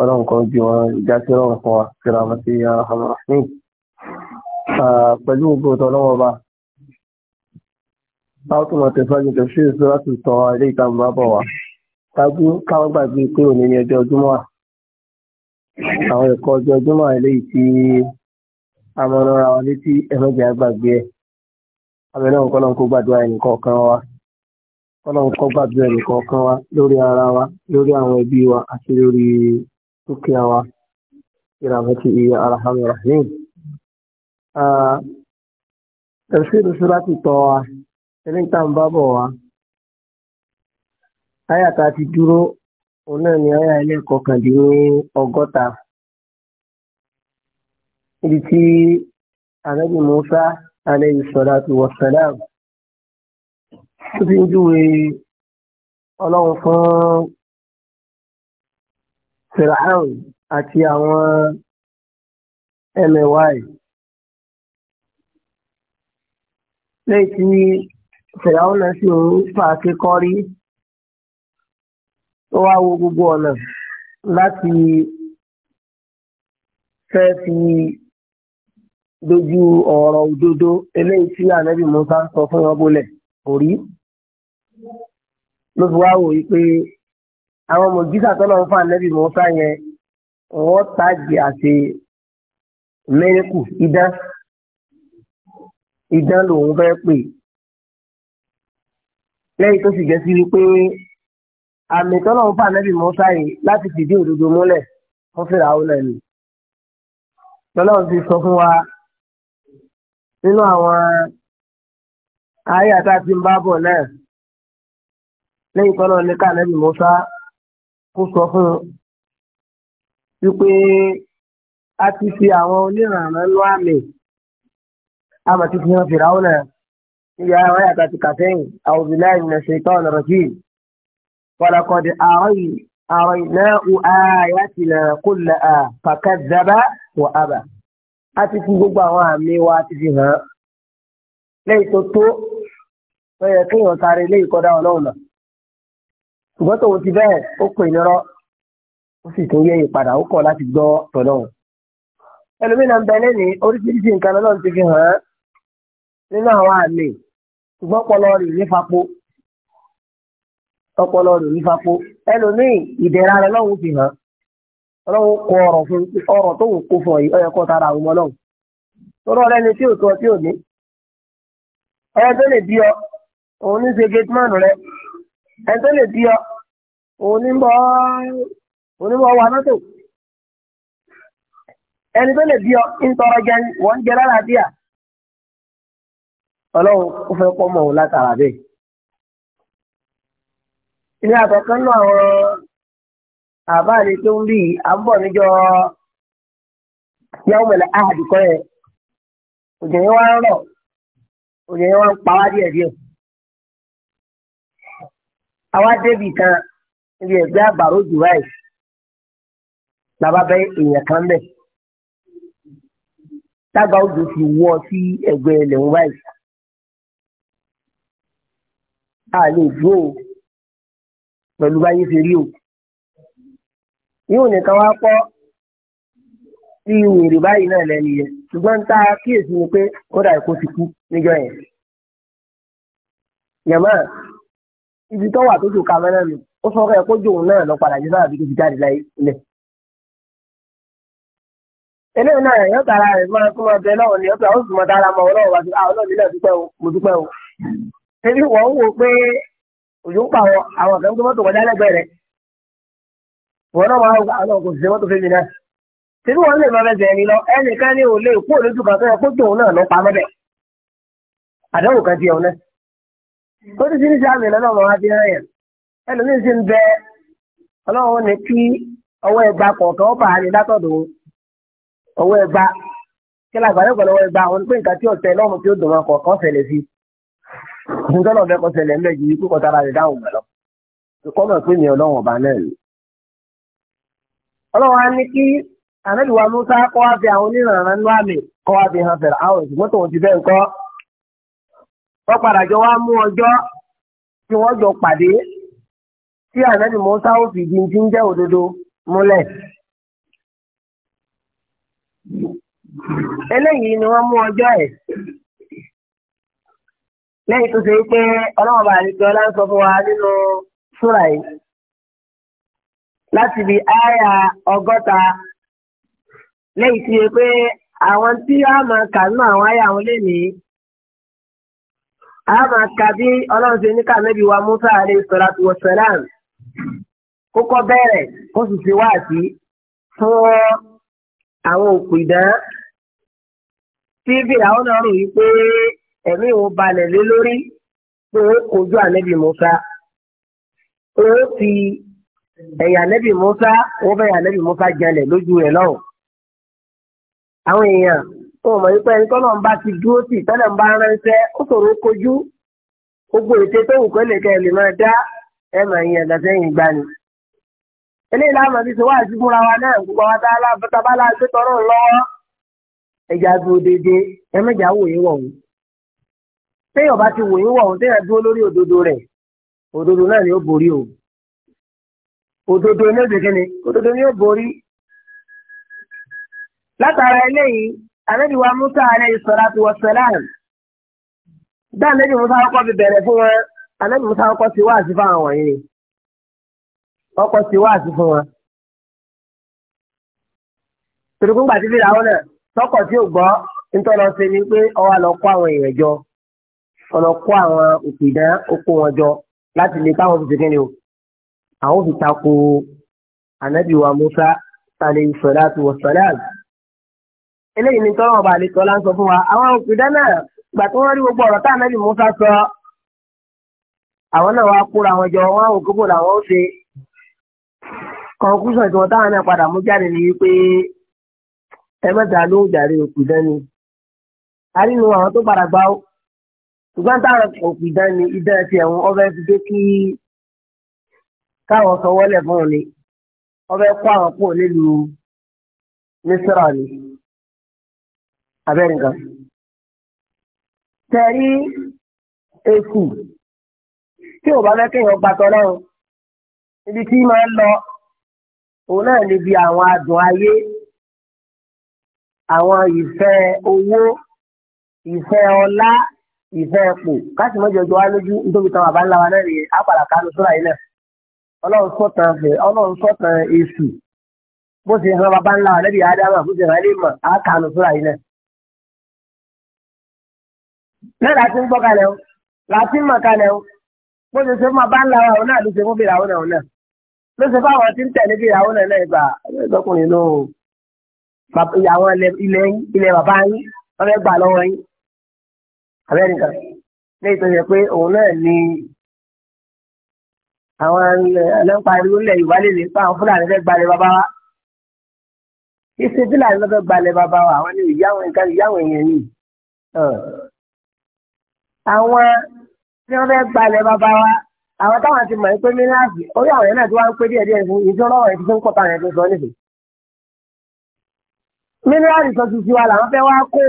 ọlọ́run kan ju wọn ìdásí ọlọ́run fún wa síra wọn sí àwọn rahman pẹ̀lú gbogbo ọ̀tọ̀ ọlọ́wọ́ ọba báwọn tó máa tẹ̀síwájú tẹ̀sí èso láti sọ ilé ìtàmùbá bọ̀ wá ṣáájú káwọn gbàgbé pé òní ni ọjọ́ ojúmọ́ à àwọn ẹ̀kọ́ ọjọ́ ojúmọ́ eléyìí tí a máa ń rọra wa létí ẹ̀mẹ́jẹ̀ àgbàgbé ẹ̀ àmì náà nǹkan náà kó gbàdúrà ẹnì kọ̀ọ̀kan wa ọlọ́run kó gbàdúrà ẹnì kọ̀ọ̀kan wa lórí ara wa lórí àwọn ẹbí wa àti lórí dúkìá wa ìrànlọ́tì ìyá arahamu rahim. tẹ̀síìlú sùràtì tọ́ wa eléyìí tá à ń bá bọ̀ wá. àyà ti dúró òun náà ni àyà ilé ẹ̀kọ́ kàndínní ọgọ́ta. ibi tí anabi musa aleyhi salatu wa salam tó fi ń júwe ọlọ́run fún firaun àti àwọn mly lẹ́yìn tí firaun náà sì ń fàáké kọ́rí ó wá wo gbogbo ọ̀nà láti fẹ́ fi dojú ọ̀rọ̀ òdodo eléyìí tí ànábì Musa ń sọ fún wọn bólẹ̀ kò rí ló fi wá wò yí pé àwọn mọ̀jísà tọ́lọ̀ ń fà nẹ́bí mọ́sá yẹn wọ́n tàjì àti mẹ́rẹ́kù idán idán lòun fẹ́ pè lẹ́yìn tó sì jẹ́ sí wípé àmì tọ́lọ̀ ń fà nẹ́bí mọ́sá yìí láti fìdí òdodo múlẹ̀ wọ́n fẹ́ra àwọn ẹ̀mí tọ́lọ̀ ti sọ fún wa nínú àwọn ayé àtàtì ń bá bọ̀ náà lẹ́yìn tọ́lọ́ ní ká nẹ́bí Musa kó sọ fún un wípé a ti fi àwọn oníranran lọ àmì a mà ti fi hàn fìràwọ́ náà níyà àwọn yàtọ̀ àti kàfẹ́yìn àwòbíláì ní ṣètọ́ ọ̀nà rọ̀jì kọ́lákọ́dé àrọ̀ iná ààyè àti ìlà kólà kàkà dábà wà ábà a ti fi gbogbo àwọn àmì wa ti fi hàn lẹ́yìn tó tó wọ́n yẹ kéèyàn sáré lẹ́yìn kọ́dá ọlọ́run náà. ṣùgbọ́n tòun ti bẹ́ẹ̀ ó pè nírọ́ ó sì tún yẹ̀yìn padà ó kọ̀ láti gbọ́ tọ̀lọ́hùn. ẹlòmínà ń bẹ lẹ́nìí oríṣiríṣi nǹkan ti fi hàn án nínú àwọn àmì ṣùgbọ́n nífapó ọpọlọ rẹ̀ nífapó ẹlòmíì ìdẹ̀ra rẹ̀ lọ́hùn fi hàn ọlọ́run kọ ọ̀rọ̀ fún ọ̀rọ̀ tó kó fún ọ yìí tara àwọn ọmọ tí ò tí ò ní tó lè ẹni tó lè bí ọ onímọ̀ onímọ̀ wà mọ́tò ẹni tó lè bí ọ ń tọrọ jẹ wọ́n jẹ lálàáfíà ọlọ́run ó fẹ́ pọ́ mọ̀ ọ́ látara bẹ́ẹ̀. ilé àtọ̀kan náà àwọn àbáàlì tó ń bì á ń bọ̀ níjọ́ yàwó mẹ́lẹ̀ áhàdì kọ́ yẹn òjò yẹn wá ń rọ̀ òjò yẹn wá ń pa wá díẹ̀díẹ̀ àwa débì kan níbi ẹ̀gbẹ́ àbàrò dubai làbá bẹ èèyàn kan bẹ̀ tágbà odò fi wọ́ sí ẹ̀gbẹ́ ilẹ̀ ń wáyé a lè dúró pẹ̀lú báyé ṣe rí o yóò nìkan wá pọ́ sí wèrè báyìí náà lẹ́nu yẹn ṣùgbọ́n tá a kíyèsí ni pé kódà kó ti kú níjọ́ yẹn yàmá ibi tó wà tó jò kamẹ́rẹ́ nù ó sọ fẹ́ kójú òun náà lọ padà jẹ́ sábà bí kò fi jáde láyé ilẹ̀. eléyìí náà yóò tara rẹ̀ máa kó máa bẹ lọ́wọ́ ni ọ̀pẹ̀ oṣù máa dára mọ́ ọlọ́wọ́ wá sí àwọn náà nílẹ̀ dúpẹ́ o mo dúpẹ́ o. ebi wọ́n ń wò pé òjò ń pàwọ́ àwọn kan tó mọ́tò kọjá lẹ́gbẹ̀ẹ́ rẹ̀ wọ́n náà máa àwọn kò sì ṣe mọ́tò fẹ́mi náà. tèmi wọn lè máa bẹ bẹ̀rẹ̀ lọ ẹnìkan ní òun lè kó òlójú kan tó yẹ kójú òun náà lọ pa mọ́bẹ̀ àdéhùn kan ti ẹ̀ oríṣiríṣi àmì lọ́nà ọmọ wa fi hàn yẹn ẹlòmíín sì ń bẹ ọlọ́run ní kí ọwọ́ ẹgbà kọ̀ọ̀kan ó bà á ní látọ̀dọ̀ ọwọ́ ẹgbà kí lágbàáyé pẹ̀lú ọwọ́ ẹgbà àwọn pé nǹkan tí ọ̀tẹ̀ lọ́run tí ó dùn wọn kọ̀ọ̀kan ṣẹlẹ̀ sí ọdún tó lọ́ọ̀bẹ kan ṣẹlẹ̀ ńlẹ̀ yìí kó kọ̀tara rẹ̀ dáhùn mọ́ lọ kọ́ mọ̀ pé mi ọlọ́run ọba náà ni. ọlọ́run á ní kí ànábìwá Musa kọ́ wá fi àwọn onírànràn nú àmì kọ́ wá fi hàn fẹ̀rẹ̀ àwọn ìṣùgbọ́n tòun ti bẹ́ẹ̀ nǹkan wọ́n padà jọ wá mú ọjọ́ tí wọ́n jọ pàdé tí ànábì Mùsá ó fi jíjí ń jẹ́ òdodo múlẹ̀. eléyìí ni wọ́n mú ọjọ́ ẹ̀ lẹ́yìn tó ṣe pé ọlọ́run bá àlejò ọlá ń sọ fún wa nínú súrà yìí láti bí àyà ọgọ́ta lẹ́yìn tí ṣe pé àwọn tí a máa kà nínú àwọn àyà wọn lè ní ama máa ka bí ọlọ́run ṣe ní kàmẹ́bí wa musa alayhi salatu wa salam kókó bẹ̀rẹ̀ kó sì ṣe wáàsí fún àwọn òkú ìdán tí fìràwọ́n náà rò wípé ẹ̀mí ìwọ̀n balẹ̀ lé lórí pé ó kojú ànẹ́bí musa ó fi ẹ̀yà ànẹ́bí musa ó bẹ̀yà ànẹ́bí musa jalè lójú rẹ̀ lọ́wọ́ àwọn èèyàn wọn mọ̀ wípé ẹni tọ́lọ̀ ń bá ti dúró tì tọ́lọ̀ ń bá ránṣẹ́ ó kojú gbogbo ète tó wù kẹ́ ẹ lè máa dá wa náà gbogbo a bá láàgbé tọrọ lọ́wọ́ ẹ̀jà dúró déédéé ẹ mẹ́jà wòye wọ̀ téèyàn bá ti wòye wọ̀ téèyàn dúró lórí òdodo rẹ̀ òdodo náà o òdodo ní òdodo ni ó borí látara ànábì wa musa alayhi salatu wa salam dá ànábì musa kọ́kọ́ fi bẹ̀rẹ̀ fún wọn ànábì musa ọkọ sí wáàsí fún àwọn wọ̀nyí kọ́kọ́ sí wáàsí fún wọn. si gbàtí fi ràwọn náà tọkọ tí ò gbọ́ nítorí ni pé kó àwọn èèyàn jọ kó àwọn okó wọn jọ láti lè káwọn fi o àwọn wa eléyìí ni tọ́lọ́wọ́ bá lè tọ́lá ń sọ fún wa àwọn òpìdá náà gbà tí wọ́n rí gbogbo ọ̀rọ̀ tá ànábì Musa sọ àwọn náà wá kóra wọn jọ wọn àwọn òkúbò làwọn ó ṣe tí jáde ni wípé ẹ mẹ́ta ló ń jàre òpìdá ni a rí nu àwọn tó padà gbá ó ṣùgbọ́n táwọn òpìdá ni idá ti ẹ̀wọ̀n ọbẹ̀ ti dé fún ọ abẹ́rẹ́ nǹkan. tẹ̀rí èsì tí ò bá fẹ́ kéèyàn gbàtọ́ náà ibi tí máa ń lọ òun náà níbi àwọn adùn ayé àwọn ìfẹ́ owó ìfẹ́ ọlá ìfẹ́ ẹ̀pò káṣí mọ́jọ jọ wá lójú nítorí táwọn àbá ńlá wa náà rèé àpàlà kánú sóra yìí náà ọlọ́run sọ̀tàn fẹ́ ọlọ́run sọ̀tàn èṣù bó ṣe hàn bàbá ńlá wa lẹ́bi àdámà bó ṣe hàn lè mọ̀ á kánú sóra yìí náà bẹ́ẹ̀ láti ń gbọ́ kalẹ̀ o láti ń mọ̀ kalẹ̀ o bó ṣe ṣe máa bá ń lára òun náà ló ṣe fún bìràwó náà òun náà ló ṣe fáwọn tí ń tẹ̀lé bìràwó náà náà ìgbà ọkùnrin ló ìyàwó ilẹ̀ bàbá yín wọ́n fẹ́ gbà lọ́wọ́ yín abẹ́nìkan ní ìtọ́jú pé òun náà ni àwọn ẹlẹ́ńpariwo ilẹ̀ Yorùbá lè àwọn Fúlàní fẹ́ gbalẹ̀ bàbá wa kí Fúlàní fẹ́ gbalẹ̀ bàbá wa àwọn ni ìyáwó èèyàn yìí àwọn tí wọ́n fẹ́ gbalẹ̀ bàbá wa àwọn táwọn ti mọ̀ pé mílíọ̀nù orí àwọn yẹn náà ti wá ń pé díẹ̀ díẹ̀ fún ìṣó lọ́wọ́ ẹ̀ ti fi ń kọ́ta yẹn tó sọ níbi. mílíọ̀nù sọ ti tiwa làwọn fẹ́ wá kó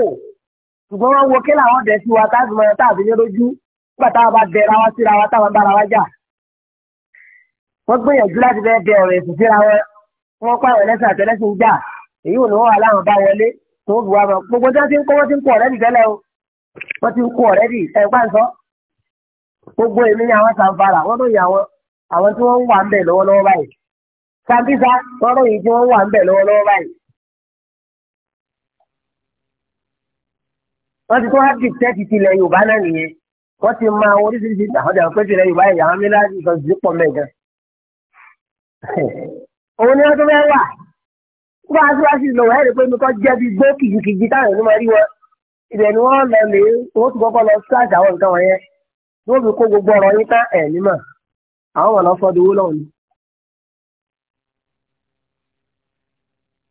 ṣùgbọ́n wọ́n wo kí làwọn bẹ̀ sí wa táàbí mọ̀ táàbí ní lójú nígbà táwọn bá bẹ̀rẹ̀ wa síra wa táwọn bára wa jà. wọ́n gbìyànjú láti fẹ́ bẹ ọ̀rọ̀ ẹ̀sìn síra wọn wọ́n kọ́ àwọn ẹlẹ́sìn àtẹlẹ́sìn jà èyí ò ní wọ́n wà láwọn bá wọlé tó bù wá mọ̀ gbogbo tí wọ́n ti ń kọ́ wọ́n ti ń kọ́ ọ̀rẹ́ nìtẹ́lẹ̀ o wọ́n ti ń kú ọ̀rẹ́dì ẹ̀gbá ń sọ. gbogbo èmi ni àwọn sanfara wọ́n lóye àwọn àwọn tí wọ́n ń wà ń bẹ̀ lọ́wọ́lọ́wọ́ báyìí. sambisa wọ́n lóye tí wọ́n ń wà ń bẹ̀ lọ́wọ́lọ́wọ́ báyìí. wọ́n ti tó wá tẹ́tì tilẹ̀ Yorùbá náà nìyẹn wọ́n ti máa oríṣiríṣi àwọn pé tilẹ̀ Yorùbá yìí àwọn mílíọ̀nù sọ sí pọ̀ òun ni wọ́n fẹ́ wà. wọ́n ibẹ̀ ni wọ́n lọ lè wọ́n ti kọ́kọ́ lọ ṣáàṣì àwọn nǹkan wọ̀nyẹn tí wọ́n fi kó gbogbo ọ̀rọ̀ yín tán ẹ̀ nímọ̀ àwọn wọn lọ fọdún owó lọ́wọ́ ni.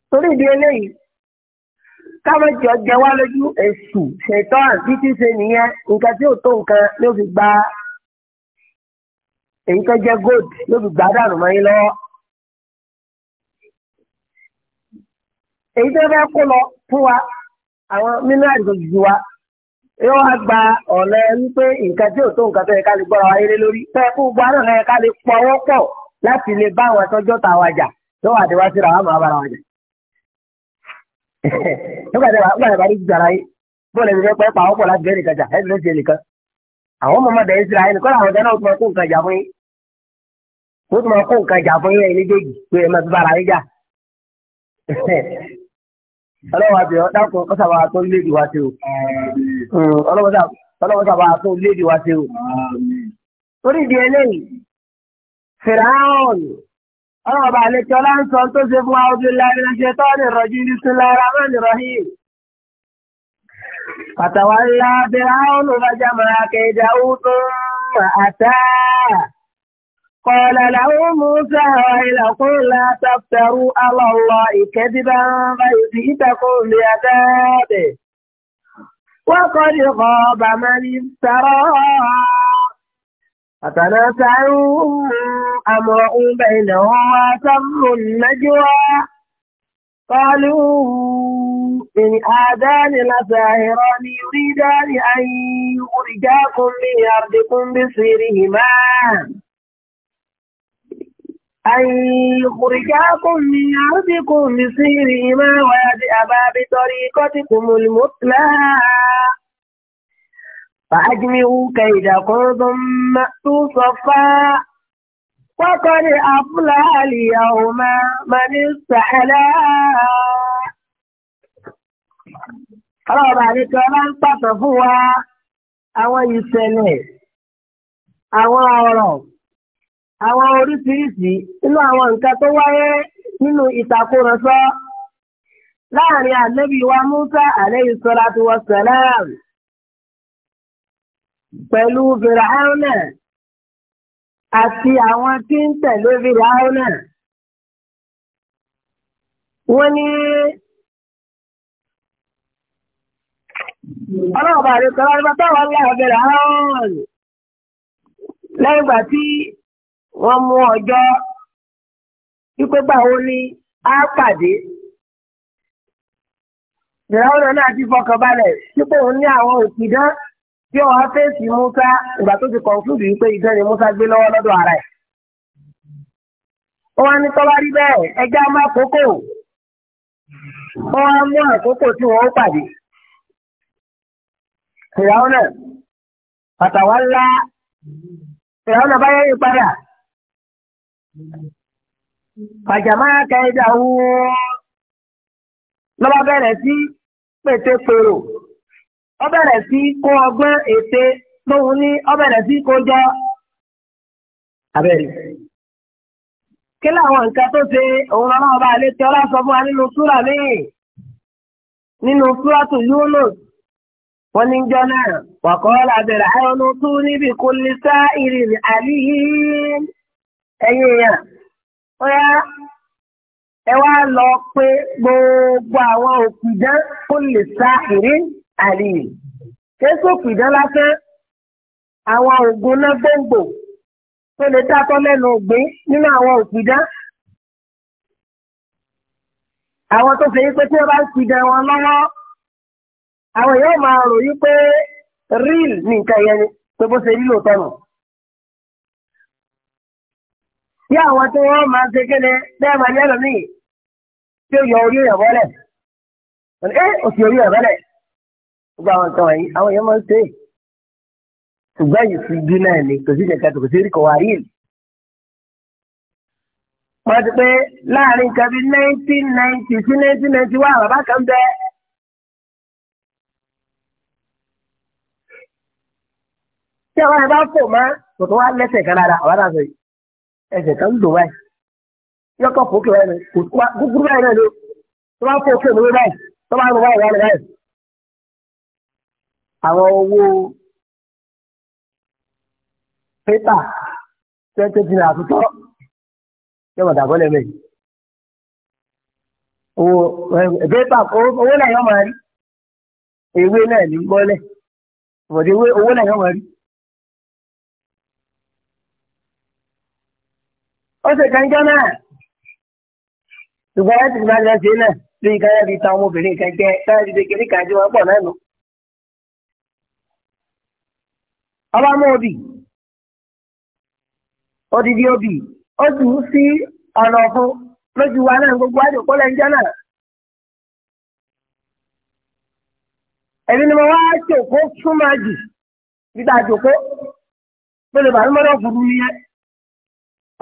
torí ìdí eléyìí káwọn jọ jẹ wá lójú èṣù ṣètọ́ àti ṣíṣe nìyẹn nǹkan tí ò tó nǹkan ló fi gba èyí tó jẹ́ gold ló fi gbà dànù mọ́ yín lọ́wọ́. èyí tó fẹ́ kó lọ fún wa àwọn nínú àjòjì wa yóò wá gba ọ̀nà wípé nǹkan tí ò tó nǹkan tó yẹ ká lè gbọ́ra wáyé lé lórí fẹ́ fún gbogbo àná ká lè pọwọ́ pọ̀ láti lè bá àwọn ẹ̀tọ́jọ́ ta wa jà tó wà déwá síra wà máa bára wa jà. nígbà tí wàá bá jàrá yìí bóòlù ẹni fẹ́ pẹ́ láti bẹ́ẹ̀ nìkan jà ẹni nìkan. àwọn ọmọ ọmọdé ọlọ́wọ́ àti ọ̀dàkùn ọ̀sàbà tó léèdì wá sí o ọlọ́wọ́ sàbà tó léèdì wá sí o. torí ìdí eléyìí fìràhàn ọlọ́wọ́ bá lè tọ́lá ń sọ tó ṣe fún wa ojú láàrin ṣe tọ́ ní rọ̀jú ní sùn lára má ní rọ̀hìn. pàtàwá ńlá fìràhàn ló bá jámọ́ akéjà ó tó àtà. قال له موسى هل قل لا تفتروا على الله كذبا فيزيدكم بعذابه وقد غاب من افترى فتنازعوا أمر بينه وأسروا النجوى قالوا إن هذان لساهران يريدان أن يخرجاكم من أرضكم بسيرهما أن يخرجاكم من أرضكم بسيرهما ويدأبا بطريقتكم المثلى فأجمعوا كيدكم ثم أتوا صفا وقد أفلح اليوم من استحلى ọlọ́ọ̀bà àríkẹ́ ọlá ń pàtó fún wa àwọn ìṣẹ̀lẹ̀ àwọn ọ̀rọ̀ àwọn oríṣiríṣi inú àwọn nǹkan tó wáyé nínú ìtàkùrọ̀sọ láàrin ànábì wa Musa alayhi salatu wa pẹ̀lú Fìràhánà àti àwọn tí ń tẹ̀lé Fìràhánà. Wọ́n ní ọlọ́ọ̀bà àdékọ́lá nípa tí. wọ́n mú ọjọ́ wípé báwo ni á pàdé. Ìràwọ̀n náà ti fọkàn balẹ̀ wípé òun ní àwọn òpìdán tí ọ̀hún fèsì Musa ìgbà tó ti kọ̀ǹfúdù wípé ìdán ni Musa gbé lọ́wọ́ lọ́dọ̀ ara ẹ̀. Wọ́n á ní tọ́wá rí bẹ́ẹ̀ ẹja má kókò. Wọ́n á mú àkókò tí wọ́n ó pàdé. Ìràwọ̀n náà pàtàwọ́ ńlá ìràwọ̀n náà bá yẹ fàjàmá kẹjà wo lọ́ba bẹ̀rẹ̀ sí pèrò ó bẹ̀rẹ̀ sí kó ọgbọ́n ète lóhun ní ọ bẹ̀rẹ̀ sí kó jọ abẹ́rẹ́ kí láwọn nǹkan tó ṣe òun lọ́wọ́ ọba ọlá sọ fún wọn ní jọ náà wàkọ́ ọ́ làbẹ̀rẹ̀ tún níbi kò ní ẹ̀yin èèyàn bóyá ẹ wá lọ pé gbogbo àwọn òpìdán kó lè sa ìrí àlè kéésì òpìdán lásán àwọn ògùn náà gbòǹgbò tó lè dákọ́ lẹ́nu ògbé nínú àwọn òpìdán àwọn tó ṣe yí pé tí wọ́n bá ń pìdán wọn lọ́wọ́ àwọn yóò máa rò yí pé real ní nǹkan yẹn ni pé bó ṣe rí lóòótọ́ nù. bí àwọn tó wọ́n máa ń ṣe kéde bẹ́ẹ̀ ní tí ó yọ orí rẹ̀ bọ́lẹ̀ ẹ orí rẹ̀ gbogbo àwọn nǹkan wọ̀nyí àwọn èèyàn máa ń ṣe ṣùgbọ́n yìí ti dín náà ni kò sí ìjẹ̀ka kò sí ìrìkọ̀ wáyé wọ́n ti pé láàrin nǹkan bíi nineteen ninety sí nineteen ninety one bàbá kan bẹ. tí àwọn ẹ̀ ẹsẹ̀ kan ń dò báyìí yọkọ̀ fòkè báyìí kúkúrú báyìí náà ló tó bá fòkè lórí báyìí tó bá lọ báyìí lọ báyìí. àwọn owó pépà twenty naira àtúntọ́ yọmọ dàbọ̀ lẹ́mẹ̀ yìí. owó pépà owó náà yọmọ rí ewé náà ní gbọ́lẹ̀ bọ̀dé owó náà yọmọ rí. ó sì kanjọ́ náà ṣùgbọ́n láti máa lọ sí náà bí káyọ̀ fi ta ọmọbìnrin kan jẹ́ káyọ̀ fi kékeré kan jẹ́ wọn pọ̀ náà nù. ọlọ́mọ òbí odidi òbí ó sì ń sí gbogbo àjòkó lẹ́jọ́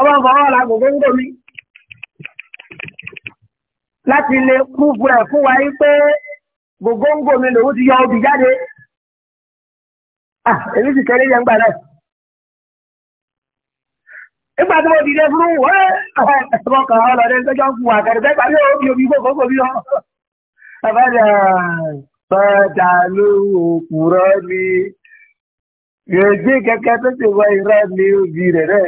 ọba ń fọwọ́ la gbogbo ń gòmí láti lè kú fún ẹ̀ fún wa yí pé gbogbo ń gòmí lòun ti yọ obì jáde èmi sì kẹ́lé yẹn gbà náà nígbà tí mo dìde fún wọn ẹ̀fọ́ kan ọlọ́dẹ sọ́jọ́ ń fún wa kẹ́lẹ́ bẹ́ẹ̀ pàdé omi omi gbogbo gbòmí lọ. Àbájá bàjá ló òpùrọ́ ni. Yèjì kẹ̀kẹ́ tó ti wọ ìrọ́ ni obì rẹ̀ rẹ̀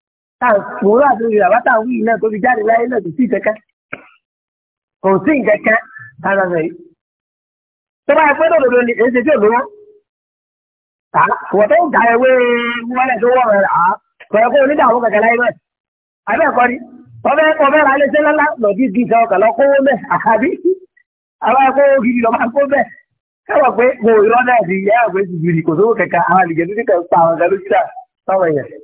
tàǹfòrò àti orí bàbá táwọn yìí náà tó fi jáde láyé náà kò sí ìkẹ́kẹ́ kò sí ìkẹ́kẹ́ ara rẹ̀ yìí. tó bá yẹ pé lòdòdò ni èyí ṣe tí ò lówó tà wọ́n tó ń ta ewé wọlé tó wọ̀ rẹ̀ àá pẹ̀lú pé onídà àwọn kẹ̀kẹ́ láyé náà àbẹ́ ẹ̀kọ́ ni ọbẹ̀ ọbẹ̀ rà lé sẹ́lá lọ́dí di ìṣẹ́ ọkà lọ kówó mẹ́ àkàbí àwọn ẹ̀kọ́ gidi lọ́ máa kó mẹ́ kẹ́wọ̀ pé mo ìrọ́ náà ti yẹ́ àgbẹ̀ ti jù ní kò sówó kẹ̀kẹ́ àwọn àlìjẹ́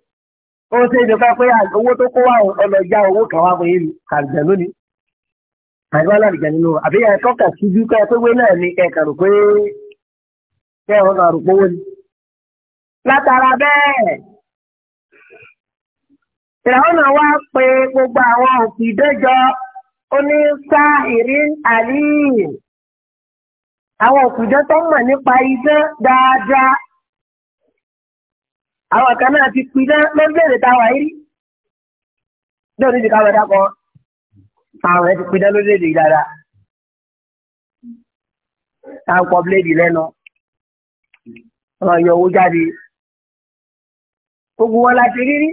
ó ṣe ìjọba pé owó tó kó wà ọ̀nà ìjà owó kan wá fún yìí kàlùjẹ lónìí àìwá làlùjẹ nínú àbí ẹ tọ́ka síjú ká pé wé náà ni ẹ̀ka rò pé kẹ́ ni. látara bẹ́ẹ̀ ìràwọ̀nà pé gbogbo àwọn òfin ìdẹ́jọ ó ìrí àlíyìn àwọn òfin ìdẹ́jọ tó mọ̀ nípa iṣẹ́ dáadáa. àwọn kan náà ti pin náà lórílẹ̀-èdè táwa yìí rí náà níbi káwọn ẹ̀dá kan àwọn ẹ̀ ti pin náà lórílẹ̀-èdè yìí dáadáa táwọn pọ̀ bíléèdì lẹ́nu wọn yọ owó jáde gbogbo wọn láti rí rí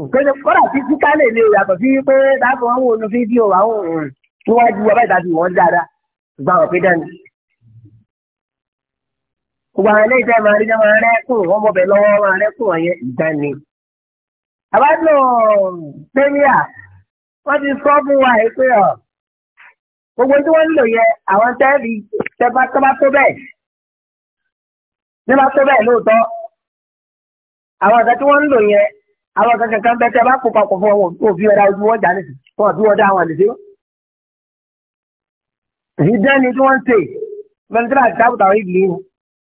òkèlè kọ́dà tí síkà lè lè yàtọ̀ sí pé dáàbò wọn wò nu fídíò àwọn òun níwájú ọba ìdájú wọn dáadáa gbà pé dání gbogbo àwọn eléyìí tẹ́ máa rí náà máa rẹ́kùn wọ́n bọ̀bẹ̀ lọ́wọ́ máa rẹ́kùn ọ̀yẹ́ ìdání. àbájọ tẹ́líà wọ́n ti sọ fún wa pé ọ̀ gbogbo tí wọ́n ń lò yẹ àwọn tẹ́ẹ̀lì tẹ́bá tó bẹ́ẹ̀ nígbà tó bẹ́ẹ̀ lóòótọ́ àwọn ọ̀gá tí wọ́n ń lò yẹ àwọn ọ̀gá kankan bẹ́ẹ̀ tẹ́ bá kó papọ̀ fún wọn kò fi ọ̀dà ojú wọn jà nísì fún ọ̀dà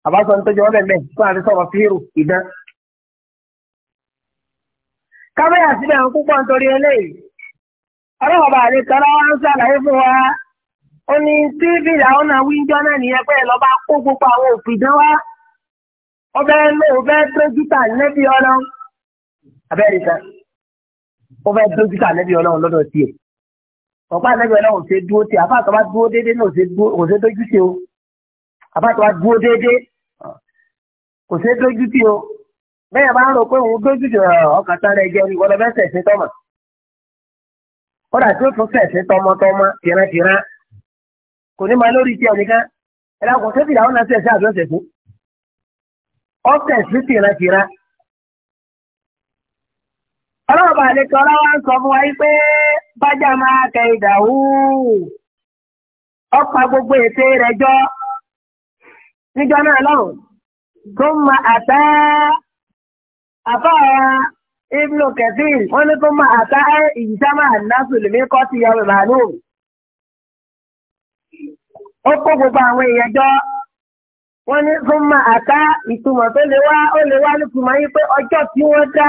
àbáṣọ ní tọ́jú ọlẹ́lẹ́ fún àti sọ̀rọ̀ fíìrù ìdán. kábẹ́yà síbẹ̀ ń púpọ̀ nítorí eléyìí ọlọ́wọ́ bá lè tọ́lá wá ń ṣàlàyé fún wa ó ní tíìbì làwọn náà wí ń jọ náà nìyẹn pé lọ́ba kó gbogbo àwọn òfin dán wá ó fẹ́ lò ó fẹ́ dójútà nẹ́bí ọlọ́run abẹ́rẹ́ kan ó fẹ́ dójútà nẹ́bí ọlọ́run lọ́dọ̀ tiẹ̀ ọ̀pá nẹ́bí ọlọ́run ṣe dúró tiẹ̀ àbá àtọ́wá dúró déédéé náà ò ṣe dójú tiẹ̀ o àbá àtọ́wá dúró déédéé kò ṣeé dójú tì o bẹ́ẹ̀ bá ń rò dojuti òun dójú tì ọkàn sára ẹ̀jẹ̀ ni wọ́n lọ fẹ́ sẹ̀sìn tọ́mọ̀ kódà tí ó tún sẹ̀sìn tọmọtọmọ tìrantìran kò ní máa lórí tí ọ nìkan ẹ dákun ṣé fìlà ọ̀nà sẹ̀sìn àbí ọ̀sẹ̀ fún ọ̀sẹ̀ sí tìrantìran. ọlọ́run bá lè ثم أتى أفا ابن كثير وأن ثم أتى اجتمع الناس لميقات يوم معلوم ó kó gbogbo àwọn èèyàn ma àtá ìtumọ̀ tó lè wá ó lè wá nítumọ̀ yín pé ọjọ́ tí wọ́n dá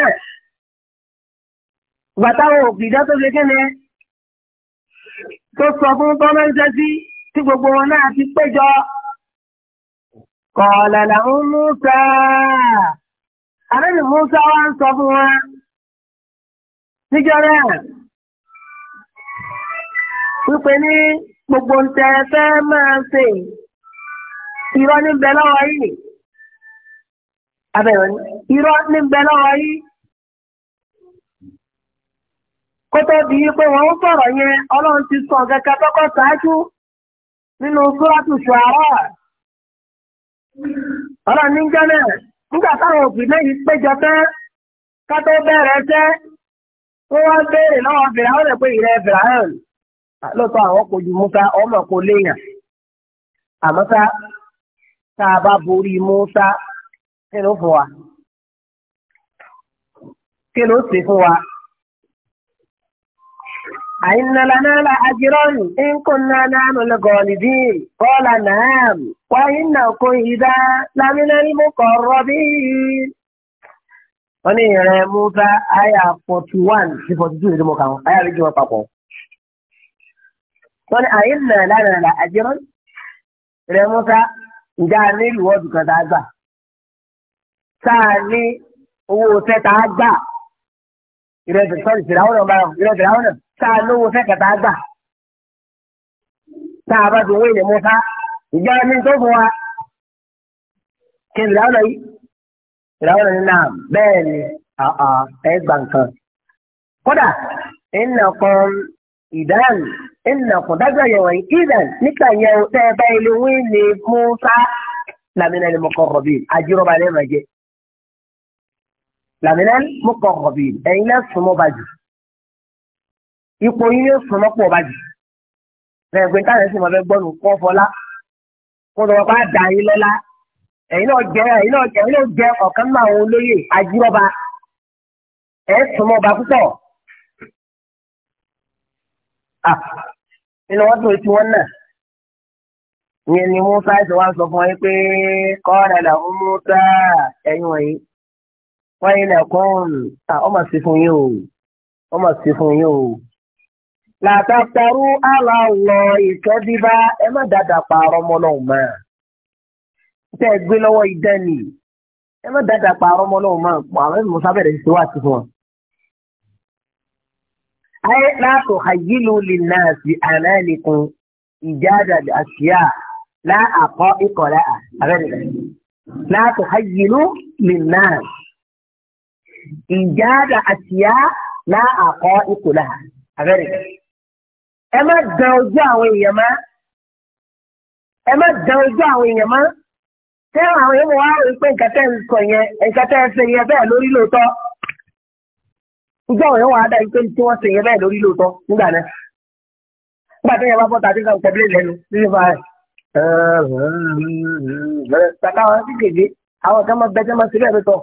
àtá Bàtàwọn òpìdá tó ṣe kéne tó sọ fún gọ́mẹ́ntì sí tí gbogbo wọn náà ti péjọ. Kọ̀ọ̀lá làwọn Músà. Àrẹ́lì Músà wá ń sọ fún wọn. Níjọ́rẹ́ wípé ní gbogbo ń máa ṣe irọ́ níbẹ̀ níbẹ̀ lọ́wọ́ yìí. kó di pé wọ́n ń sọ̀rọ̀ yẹn ọlọ́run ti sọ kẹ́kẹ́ tọ́kọ́ ṣáájú nínú súrátù ṣùárà ọlọ́run ní jẹ́lẹ̀ nígbà táwọn òbí lẹ́yìn péjọ wá béèrè pé àwọn kò ju Musa ọmọ kò léèyàn tá a bá borí Musa kí ló fún wa kí ló sì fún wa. أئن لنا لأجرا إن كنا نحن الغالبين قال نعم وإنكم إذا لمن المقربين wọ́n ní ìrẹ̀ musa aya forty one sí forty two ìdí mo kà wọ́n aya méjì wọ́n papọ̀. wọ́n ní àyè la àjẹmọ́ ìrẹ̀ musa ǹjẹ́ a ní ìlú tá a gbà tá ní owó tẹ́ tá a gbà ìrẹsì sọ́ọ̀rì fìràwọ́n náà báyọ̀ ìrẹsì fìràwọ́n náà tá a lówó fẹ́ kẹta gbà tá a bá ti wé ìlẹ̀ mọ́ta ìjọ ẹni tó fún wa kí fìràwọ́n náà yìí fìràwọ́n náà náà bẹ́ẹ̀ ni ẹ gbà nǹkan. kódà ìnàkan ìdáhùn ìnàkan dájọ́ yẹ̀wọ̀ yìí ìdàn nígbà yẹn tẹ́ ẹ bá ilé wí ni mọ́ta làmìnà ni mo kọ̀ rọ̀ bíi àjíròbalẹ̀ màjẹ́ làmínà mọ́kàn ọ̀bì ẹ̀yin náà súnmọ́ bá jù ipò yín yóò súnmọ́ pọ̀ bá jù bẹ́ẹ̀ pé táyà sì máa fẹ́ gbọ́nu kọ́ fọlá kó lọ́wọ́ bá dà yín lọ́lá ẹ̀yin náà jẹ́ ẹ̀yin náà jẹ́ ẹ̀yin náà jẹ́ ọ̀kan nínú àwọn olóyè ajírọ́ba ẹ̀ súnmọ́ ọba púpọ̀ nínú wọn tó ti wọn náà ìyẹn ni Musa ṣe wá sọ fún ẹ pé kọ́ ọ̀rẹ́dà fún Musa ẹ̀yin wọ̀nyí wáyé náà kọ́ọ̀n ọmọ sí fún yín o ọmọ sí fún yín o. làtàkàrú aláwọ̀ ìtọ́díbá ẹ má dáadáa pààrọ̀ ọmọ náà mọ́ tẹ́ ẹ gbé lọ́wọ́ ìdánì ẹ má dáadáa pààrọ̀ ọmọ náà mọ́ àwọn ẹ̀mí musa bẹ̀rẹ̀ sí wá sí fún wọn. ayé látò àyílù lè náà sí àná ìjáde àṣìyà láàkọ́ ìkọ̀lá àbẹ̀rẹ̀ látò àyílù lè náà ìjáda àṣìyá láàkọ́ ikò láà abẹ́rẹ́. ẹ má dán ojú àwọn èèyàn má ẹ má dán ojú àwọn èèyàn má tẹ́ àwọn èèyàn wá rí pé nǹkan tẹ́ ń sọ yẹn nǹkan tẹ́ ń ṣe yẹn bẹ́ẹ̀ lórí lóòótọ́ ìjọ àwọn èèyàn wà á dá ipé tí wọ́n ṣe yẹn bẹ́ẹ̀ lórí lóòótọ́ nígbà náà nígbà tó yẹn bọ́ta àti nǹkan tẹ̀lé lẹ́nu nínú fa rẹ̀ tàkà àwọn kékeré àwọn kan máa bẹ́ẹ̀ tẹ́ máa ṣe bẹ́ẹ̀ lóòótọ́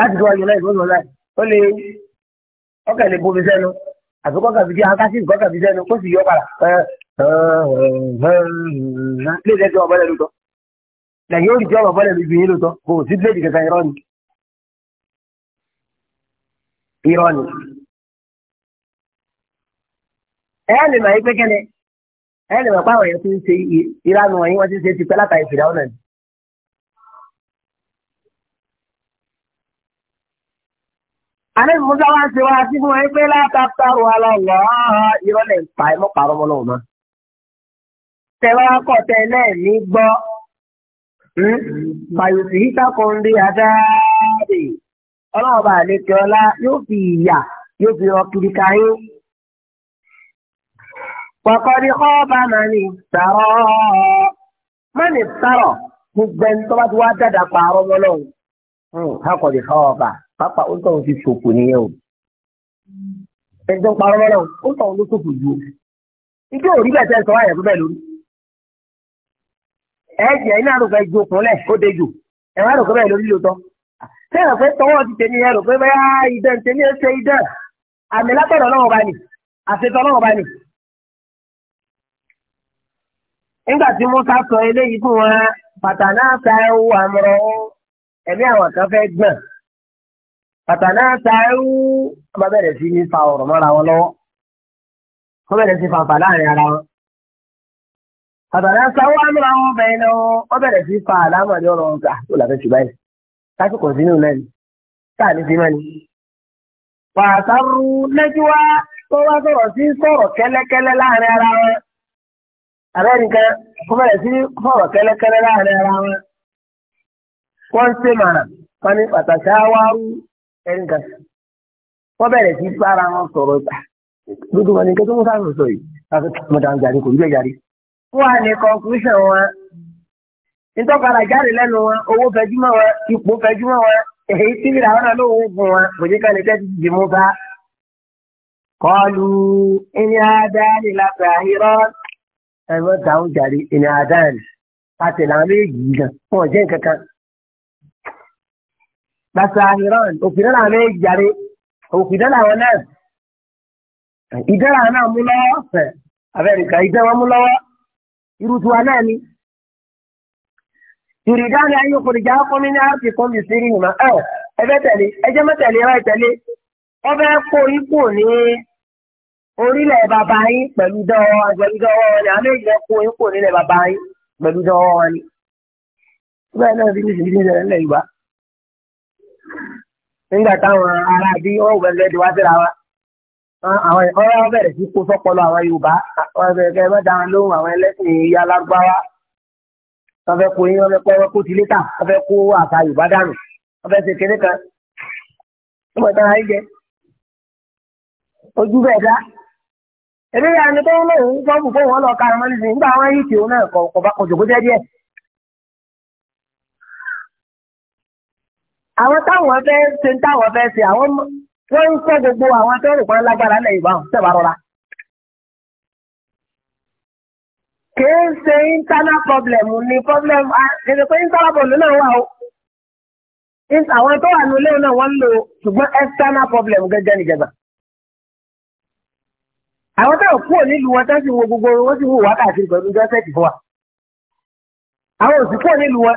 láti tó wájú láì gbọ́dọ̀ láì ó lè ọkà lè bomi sẹ́nu àfi kọ́kà fi jẹ́ akásí kọ́kà fi sẹ́nu kó sì yọ padà lè dẹ́jọ́ ọ̀bọ̀lẹ̀ lóòótọ́ lẹ́yìn òrìṣẹ́ ọ̀bọ̀lẹ̀ lójú yín lóòótọ́ kò sí bíléèdì kẹta irọ́ ni irọ́ ni. ẹ lè mọ̀ ẹ́ pé kẹ́ni ẹ lè mọ̀ pé àwọn èèyàn ti ń ṣe ìlànà wọ̀nyí wọ́n ti ń ṣe tipẹ́ látàrí fìdáwọ́n náà àlejò musa wá ń ṣe wá sí fún ẹ pé látàtà wà lọ́wọ́ ìrọ̀lẹ́ ìpa ẹ mọ́ pàrọ̀ mọ́ lọ́wọ́ mọ́. tẹ̀wá kọ̀ tẹ́lẹ̀ ní gbọ́ fàyòsì hmm? ìtàkùnrin àdáàdì ọlọ́run bá àlejò ọlá yóò fi ìyà yóò fi rọ kiri káyé. Pọ̀kọ́ni ọba máa ní ìtàrọ̀. Má ní ìtàrọ̀ gbogbo ẹni tó bá ti wá dáadáa pààrọ̀ mọ́ lọ́wọ́. Hákọ̀ọ́dì hmm, ọba pápá ó tọ̀hún ti ṣòfò nìyẹn o ẹjọ́ parọ́ mọ́nà ó tọ̀hún ló ṣòfò ju o ìdí òrí bẹ̀ tẹ́ ń sọ ayẹ̀ tó bẹ́ẹ̀ lórí ẹ̀jẹ̀ iná àrùn fẹ́ jo kúnlẹ̀ ó de jù ẹ̀rọ àrùn fẹ́ bẹ́ẹ̀ lórí lóòótọ́ sẹ́yìn pé tọwọ́ ti tẹ̀lé ẹ̀rọ pé bẹ́ẹ̀ idán tẹ̀lé ẹsẹ̀ idán àmì látọ̀dọ̀ náà wọ́n bá ní àṣetọ́ náà wọ́n bá ní. nígbà tí Musa sọ eléyìí fún wọn pàtàkì náà ta ẹ̀wù àmọ́ràn ẹ̀mí àwọn kan fẹ́ gbọ̀n bàtàná sàáwú ọba bẹ̀rẹ̀ sí ní fa ọ̀rọ̀ mọ́ra wọn ara wọn bàtàná sàáwú àmúra wọn fa àlámọ̀dé ọ̀rọ̀ wọn gbà ah, tó làbẹ́ ṣùgbọ́n yìí lásìkò sínú náà ni sáà ní sinimá ni. pàṣàrù lẹ́júwá tó wá sọ̀rọ̀ sí sọ̀rọ̀ kẹ́lẹ́kẹ́lẹ́ láàrin ara wọn àbẹ́ nìkan wọ́n bẹ̀rẹ̀ sí sọ̀rọ̀ kẹ́lẹ́kẹ́lẹ́ láàrin ara ẹ̀rí nǹkan wọ́n bẹ̀rẹ̀ sí bára wọn sọ̀rọ̀ ìgbà gbogbo wọn ni kí wọ́n sáré sọ yìí láti mọ̀tà ń jàre kò rí bẹ́ẹ̀ jàre. wọ́n á ní conclusion wọn nítọ́kadà jáde lẹ́nu wọn owó fẹjúmọ́ wọn ipò fẹjúmọ́ wọn èyí tí ìlà wọn náà ló wọ́n fún wọn kò jẹ́ ká lè tẹ́tí di mú bá. kọlu ẹni àdáni láti àhírọ́ ẹ̀rọ táwọn jàre ẹni àdáni àti làwọn méjì yìí masahiran òfìdá làwọn náà jàre òfìdá làwọn náà ìdá làwọn náà mú lọ́wọ́ fẹ̀ abẹ́rìkà ìdá wọn mú lọ́wọ́ irútuwa náà ni. ìrìdá ni ayé kò ní já fún mi ní àrùtì kan bí sírí ìmọ̀ ẹ ẹgbẹ́ tẹ̀lé ẹjẹ́ mẹ́tẹ̀lé ẹ tẹ̀lé wọ́n fẹ́ kó ipò ní orílẹ̀ bàbá yín pẹ̀lú dọ́wọ́ pẹ̀lú dọ́wọ́ ni àwọn èèyàn fẹ́ kó ipò nílẹ̀ bàbá yín pẹ̀lú dọ́wọ́ ni. bẹ́ẹ̀ náà bí ní ìsinmi ní ìṣẹ̀lẹ̀ ńlẹ̀ nígbà táwọn aráàbí ọ̀wọ́ ẹlẹ́dẹ̀ wá síra wa àwọn ọ̀rọ̀ bẹ̀rẹ̀ sí kó sọ́pọ̀lọ́ àwọn Yorùbá ọ̀rẹ́kẹ́ mẹ́ta wọn lóhùn àwọn ẹlẹ́sìn ìyá alágbáwá wọ́n fẹ́ kó yín wọ́n fẹ́ kó ẹwẹ́ kó ti létà wọ́n fẹ́ kó àṣà Yorùbá dànù wọ́n fẹ́ ṣe kéré kan wọ́n mọ̀ tára jẹ ojú bẹ́ẹ̀ dá èmi yà ni tó ń lóun fọ́ọ̀mù fóun ọlọ́ọ̀ka ọmọ nísìnyí nígbà wọn yìí tì àwọn táwọn fẹ́ ṣe táwọn fẹ́ ṣe àwọn wọ́n ń sọ gbogbo àwọn tó rò pọ́n lágbára lẹ̀ ìbá wọn tẹ̀wá rọra. kìí ṣe internal problem ni problem ẹ̀rọ pé internal problem náà wà o àwọn tó wà nílé náà wọ́n ń lò ṣùgbọ́n external problem gẹ́gẹ́ nìjẹba. àwọn tó kúrò nílùú wọn tó sì wo gbogbo wọn sì wù wákàtí pẹ̀lú jọ́sẹ̀tì fún wa. àwọn òsì kúrò nílùú wọn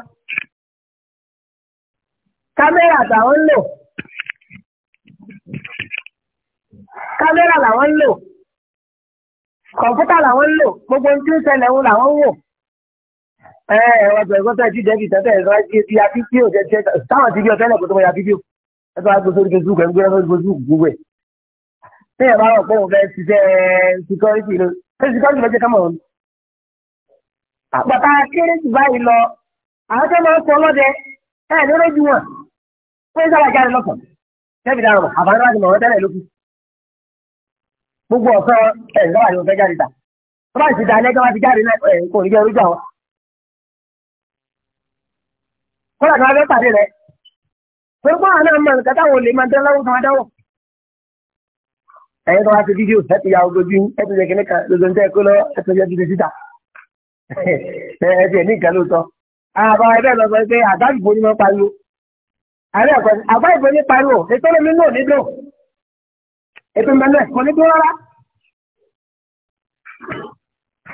kámẹ́rà táwọn ń lò kámẹ́rà làwọn ń lò kọ̀ǹpútà làwọn ń lò gbogbo ohun tí ń ṣẹlẹ̀ ń làwọn ń wò ẹ̀rọ ọ̀gbẹ̀gbọ́sẹ̀ tí jẹ́bi tẹ́tẹ́ ẹ̀rọ ti ya fídíò jẹ́ táwọn ti bí ọ tẹ́lẹ̀ kó tó mọ ya fídíò ẹ̀tọ́ àgbo sórí facebook ẹ̀ ń gbé lọ́sọ̀rọ̀ facebook gbogbo ẹ̀ ní ẹ̀rọ àwọn ọ̀pọ̀ òfẹ́ ṣiṣẹ́ security ló ṣe security ló jẹ́ kámọ̀ òun. àpàtà kérésì báyìí lọ àwọn tó máa ń sọ ọlọ́dẹ ẹ̀ lórí ju wọn wọ́n sábà jáde lọ́sàn tẹ́bi dára mọ̀ àbáyé láti mọ̀ tẹ́lẹ̀ lókù gbogbo ọ̀sán ẹ̀ sábà ni mo fẹ́ jáde ta tó bá ti da ilé gbọ́dọ̀ ti jáde náà ẹ̀ kò ní jẹ́ orúkọ àwọn. kọ́lá kan fẹ́ pàdé rẹ̀ pé kó àwọn náà máa nǹkan táwọn olè máa dán láwọn kan dáwọ̀. ẹ̀yin tó wá ti fídíò ẹ̀ ti ya ogójì ẹ̀ ti jẹ́ kíní kan lóṣù tẹ́ kó lọ ẹ̀ ti jẹ́ kíní síta ẹ̀ ti ẹ̀ ní ìkàlóòtọ́ àbá àárẹ̀ ọ̀pọ̀ àbá ìbò ní pariwo ètò olómi náà nílò ètò ìmọ̀lẹ̀ kò ní dúró rárá.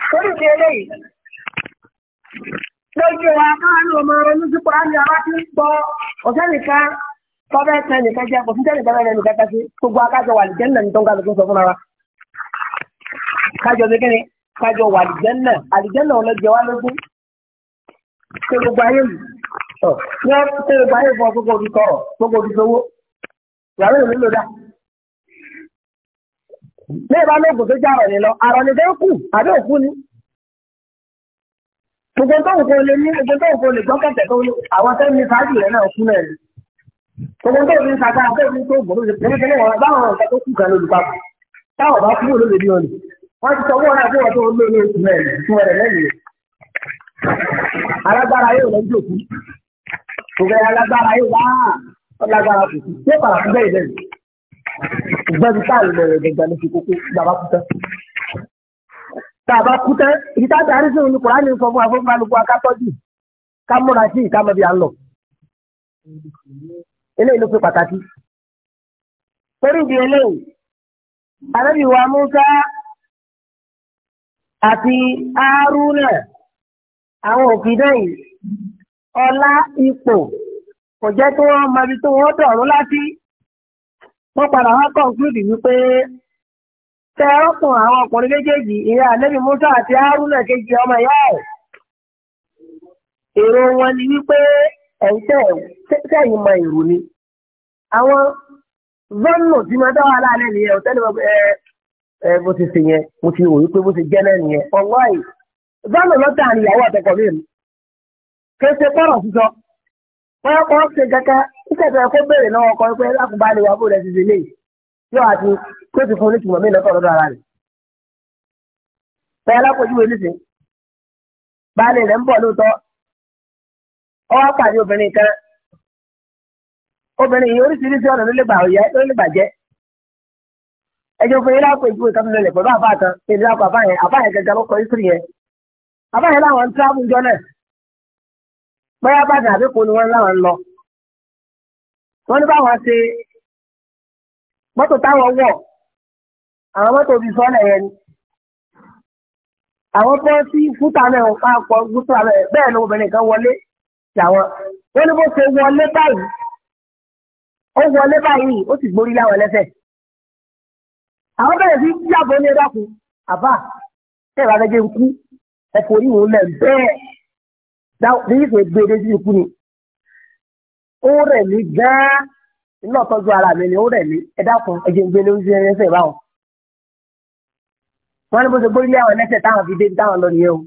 torí ti eléyìí lójú wa káàánú ọmọ ronú sípò á ní àwa ti ń gbọ́ ọ̀sẹ́nìkan tọ́fẹ́ tẹ nìkan jẹ́ kò síjẹ́ nìkan lẹ́nu nìkan tẹ́sí gbogbo akájọ wà lìjẹ́ náà ní tó ń gbàgbé sọ fúnra wa. kájọ gbẹgẹ́ ni kájọ wà lìjẹ́ náà àlìjẹ́ náà lọ jẹ wá lógún ṣe gbogbo ayé yìí ní wọ́n tẹ́ ẹ báyìí gbogbo òbí gbogbo òbí ìyàwó ìlú ló dá. ní ìbá lóògùn tó jà rọ̀ lọ àrọ̀ ní fẹ́ kù àbí òkú ni. gbogbo tó ń kó lè ní gbogbo tó ń kó lè gbọ́kẹ̀tẹ̀ tó ní àwọn tẹ́ ní sáájú rẹ̀ náà kú náà ni. gbogbo tó ní sàgbà tó ní tó gbòòrò ṣe pẹ̀lú pẹ̀lú wọn báwọn ọ̀sẹ̀ tó kù kan lólùpapọ̀ táwọn bá kúrò lóde bí wọn wọ́n ti Ìgbẹ́ alágbára yìí wá ọlágbára kò sí. Ṣé bàrà fún bẹ́ẹ̀ bẹ́ẹ̀? Ìgbẹ́ mi táà lọ ẹ̀gbẹ̀gbẹ̀ ló fi kókó bàbá kú tán. Bàbá kú tán, èyí tá a darí sí òun ni Kùránì sọ fún àfọ́nfà lóko akátọ́jú. Ká múra sí ìka mọ̀ bí a ń lọ. Eléyìí ló fi pàtàkì. Torí ìdí eléyìí, Ànábì wa Musa àti Arúnà àwọn òfin náà ọlá ipò kò jẹ́ tó wọ́n mọ ibi tó wọ́n dọ̀rọ̀ láti wọ́n padà wá kọ̀ǹkúrìdì wípé tẹ ọkùn àwọn ọkùnrin méjèèjì ìyá àlẹ́bí Musa àti Haruna kejì ọmọ ìyá ẹ̀ èrò wọn ni wípé ẹ̀yìn mọ èrò ni àwọn vọ́nù tí mo dá wà láàrin nìyẹn ò tẹ́lẹ̀ ẹ ẹ bó ti ṣe yẹn mo ti rò wípé bó ti jẹ́ náà nìyẹn ọ̀gbọ́n yìí vọ́nù lọ́tà ni ìyàwó àtọkọ̀ mi kéṣe pọ́rọ̀ sísọ pọ́pọ́ ṣe kankan nígbàtà ẹ̀kọ́ béèrè ọkọ ọkọ pé lákùnbá lè wà bóòdù ẹ̀sìn sílé yóò àti kó ti fún oníṣùmọ̀ mí lọ́tọ̀ lọ́dọ̀ ara rẹ̀. bẹ́ẹ̀ lápòjúwe nísìn baálé rẹ̀ ń bọ̀ lóòótọ́ ọ pàdé obìnrin kan obìnrin yìí oríṣiríṣi ọ̀nà ló lè ló lè bàjẹ́ ẹjọ́ fún yín kan lọ́lẹ̀ pẹ̀lú àpò àbáyẹn àbáyẹn gẹ́gẹ́ bóyá bàdàn àbíkú ni wọ́n láwọn lọ. wọ́n ní báwọn ṣe mọ́tò táwọn wọ̀ àwọn mọ́tò bíi sọ́lẹ̀ yẹn ni. àwọn bọ́ sí fúta náà ń pa pọ̀ gúúsùlà bẹ́ẹ̀ ni obìnrin kan wọlé jàwọn. wọ́n ní bó ṣe wọlé báyìí ó wọlé báyìí ó sì gborí láwọn lẹ́sẹ̀. àwọn bẹ̀rẹ̀ sí yàgò ní ẹ̀dá kù àbá ẹ̀ bá fẹ́ jẹ́ nkú ẹ̀fọ́ orí òun lẹ̀ bẹ́ẹ̀ bí ìfẹ́ gbé dé sí ikú ni ó rẹ̀ mí gan-an iná tọ́jú ara mi ni ó rẹ̀ mí ẹ dákun ẹ̀jẹ̀ ń gbé lórí sí ẹsẹ̀ báwọn. wọ́n ní bó ṣe gbórílé àwọn ẹlẹ́sẹ̀ táwọn fi dé táwọn lọ nìyẹn o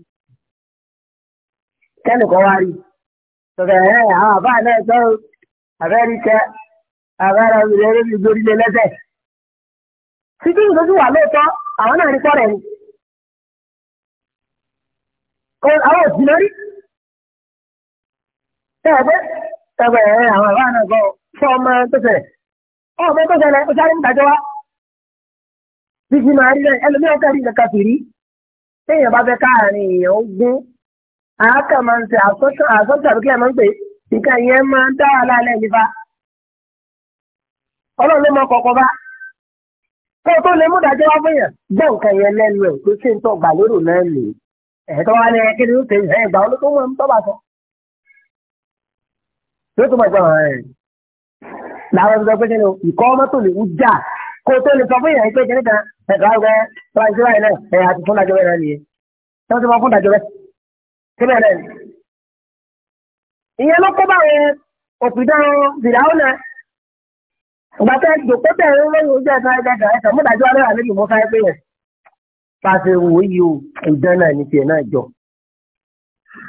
kẹ́nìkan wá rí tọ̀tẹ̀ ẹ̀ àwọn àbá náà sọ àbẹ́ríkẹ́ àbára ìrẹ́rẹ́ mi gbórílé lẹ́sẹ̀. títí ìtọ́jú wà lóòótọ́ àwọn náà ní pọ́rẹ̀ ni. àwọn òsì lórí tẹ́ẹ̀bẹ́ tẹ́ẹ̀bẹ́ àwọn ìwà náà gbọ́ tó ṣẹlẹ̀ ọmọ tó ṣẹlẹ̀ ó sáré wá fífi máa rí rẹ̀ ẹlòmíràn kẹ́rì nǹkan sì bá fẹ́ káàárín èèyàn ogún àákà máa ń ṣe àsọ́tò àbíkẹ́ máa ń pè nǹkan yẹn máa ń dá lálẹ́ nípa ọlọ́run ló mọ kọ̀ọ̀kan bá kó o tó lè mú ìdájọ́ wá fún yàn gbọ́ nǹkan yẹn lẹ́nu ẹ̀ pé ṣé ń tọ́ gbà lérò náà nìyí ẹ̀ẹ́dọ́wálẹ̀ kí ni ó ṣe ìfẹ́ ìgbà olóko mọ̀ ń tọ́ bá sọ yóò tó máa gbọ́ àwọn ẹ̀rìn làwọn ẹ̀rọ pé kíni o ìkọ́ ọmọ tó lè wú jà kó tó lè sọ fún ìyàn pé kíni kan ẹ̀dọ́ àgbẹ̀ fúnraṣẹ́ báyìí náà ẹ̀yà àti fún dàjọ́ bẹ́ẹ̀ náà nìyẹn tí wọ́n ti máa fún dàjọ́ bẹ́ẹ̀ ni. ìyẹn ló kó báwọn òpìdán fìdáwọ́ náà ìgbà tẹ́ jòkó tẹ̀ ń lóyún ojú ẹ̀ka ẹ̀ka ẹ̀ka múdàjọ́ alẹ́ àlejò mọ́ káyọ́ pé yẹn pàṣẹ wò yìí o ìdán náà ní náà jọ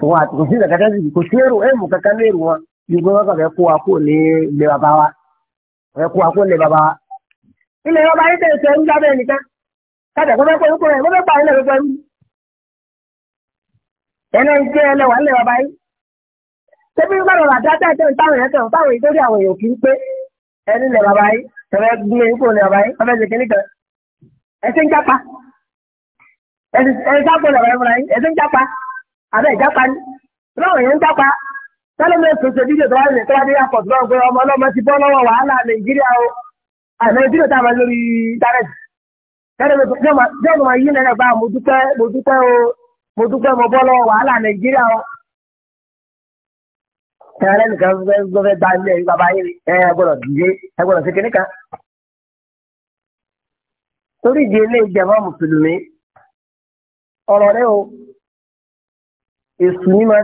wọn àtùkù sí ìdàkàtà sí kò èrò ẹ̀mù kankan ní èrò wọn yorùbá wọn kàn fẹ́ kó wa kó ní ilé bàbá wa fẹ́ kó wa kó ní bàbá wa. ilé bàbá yìí tẹ̀sẹ̀ ń jábẹ́ nìkan kájà kó fẹ́ kó kó rẹ̀ kó fẹ́ pa ilé gbogbo ẹ̀mí. ẹnẹ ń jẹ́ ẹlẹ́wà ilé bàbá yìí. tẹ́bí ń gbàdọ̀ àti ajá ìtẹ́ ìtàwọn yẹn kàn táwọn ìtòrí àwọn èèyàn kì í pé ẹni ilé bàbá yìí tẹ̀fẹ́ gbé e kó ní bàbá yìí ọ̀fẹ́ tẹ́lẹ̀mẹ́ tó ṣe díje tó wá ní tó wá dé airport náà pé ọmọ ọlọ́mọ ti bọ́ lọ́wọ́ wàhálà nàìjíríà o nàìjíríà tá a máa lórí dárẹ́tì tẹ́lẹ̀mẹ́ tó ṣe ọmọ yìí nẹ́rẹ̀ bá mo dúpẹ́ mo dúpẹ́ o mo dúpẹ́ mo bọ́ lọ́wọ́ wàhálà nàìjíríà o. tẹ́lẹ̀ nìkan ló fẹ́ gba ilé yìí bàbá yìí ẹ gbọ́dọ̀ dìde ẹ gbọ́dọ̀ ṣe kinní kan. torí ìdí ilé ìjẹ̀mọ́ mùsùlùmí ọ̀rọ̀ rẹ o èsù ni máa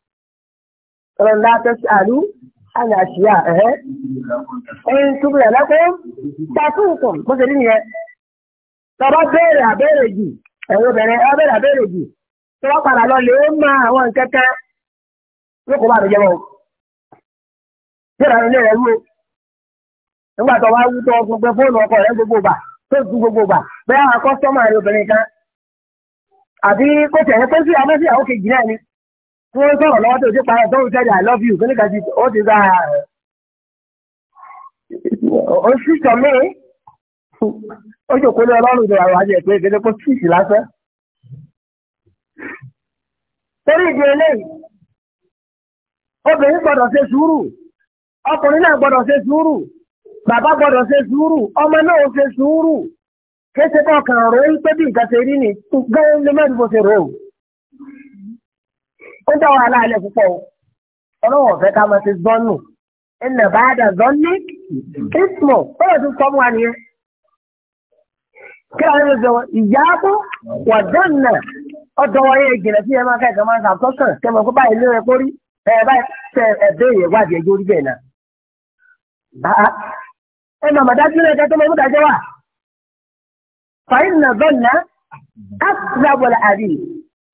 ọ̀rọ̀ ńlá tẹ́sí àlú àmì àṣìyà ẹ̀hẹ́ ẹ̀yìn túbúrẹ̀ lẹ́kọ́ tàkùnkùn bó ṣe rí nìyẹn tọba béèrè àbẹ́rẹ̀ jù ẹ̀rọ bẹ̀rẹ̀ abẹ́rẹ̀ àbẹ́rẹ̀ jù tọba padà lọ lè mọ àwọn kẹ́kẹ́ lóko bá mi jẹ́ wọn. yóò dáná ilé rẹ̀ wúwo nígbà tó wá wú tó gbogbo fóònù ọkọ rẹ̀ gbogbo bà tó ju gbogbo bà bẹ́ẹ̀ àwọn kọ́sọ́mà rẹ̀ obìnrin kan àbí kó tẹ̀ ẹ́ pé sí àwọn sí àwọn kejì náà ni. tí wọ́n sọ̀rọ̀ lọ́wọ́ tó ṣe parẹ́ tó ń i love you kí ti ó ti sá ó sì sọ mí ó jòkó ní ọlọ́run ìjọba àwọn àjẹ pé kéde kó síìsì lásán. torí ìdí eléyìí obìnrin gbọ́dọ̀ ṣe sùúrù ọkùnrin náà ṣe sùúrù bàbá ṣe sùúrù ọmọ náà ṣe sùúrù kéṣe bọ́ọ̀kan rò ó dá wàhálà alẹ́ púpọ̀ o ọlọ́wọ́ fẹ́ ká máa ti zọ́nù ẹnlẹ̀ bá dà zọ́nù kírísìmọ̀ bọ́lá ti sọ wà nìyẹn. kí lóun ṣe wọn ìyáàbọ̀ wà dánù ọ̀dọ̀ wọ̀nyẹ ìjìnlẹ sí ẹ máa fẹ́ kàn máa ń sàtọkàn kẹmọ kó báyìí lóore kórí ẹ báyìí tẹ ẹ béèrè wádìí ẹjọ́ orí bẹ́ẹ̀ náà. ẹ màmá dájú lẹ́kẹ́ tó máa mú dájọ́ fàyín nà bẹ́ẹ̀ ná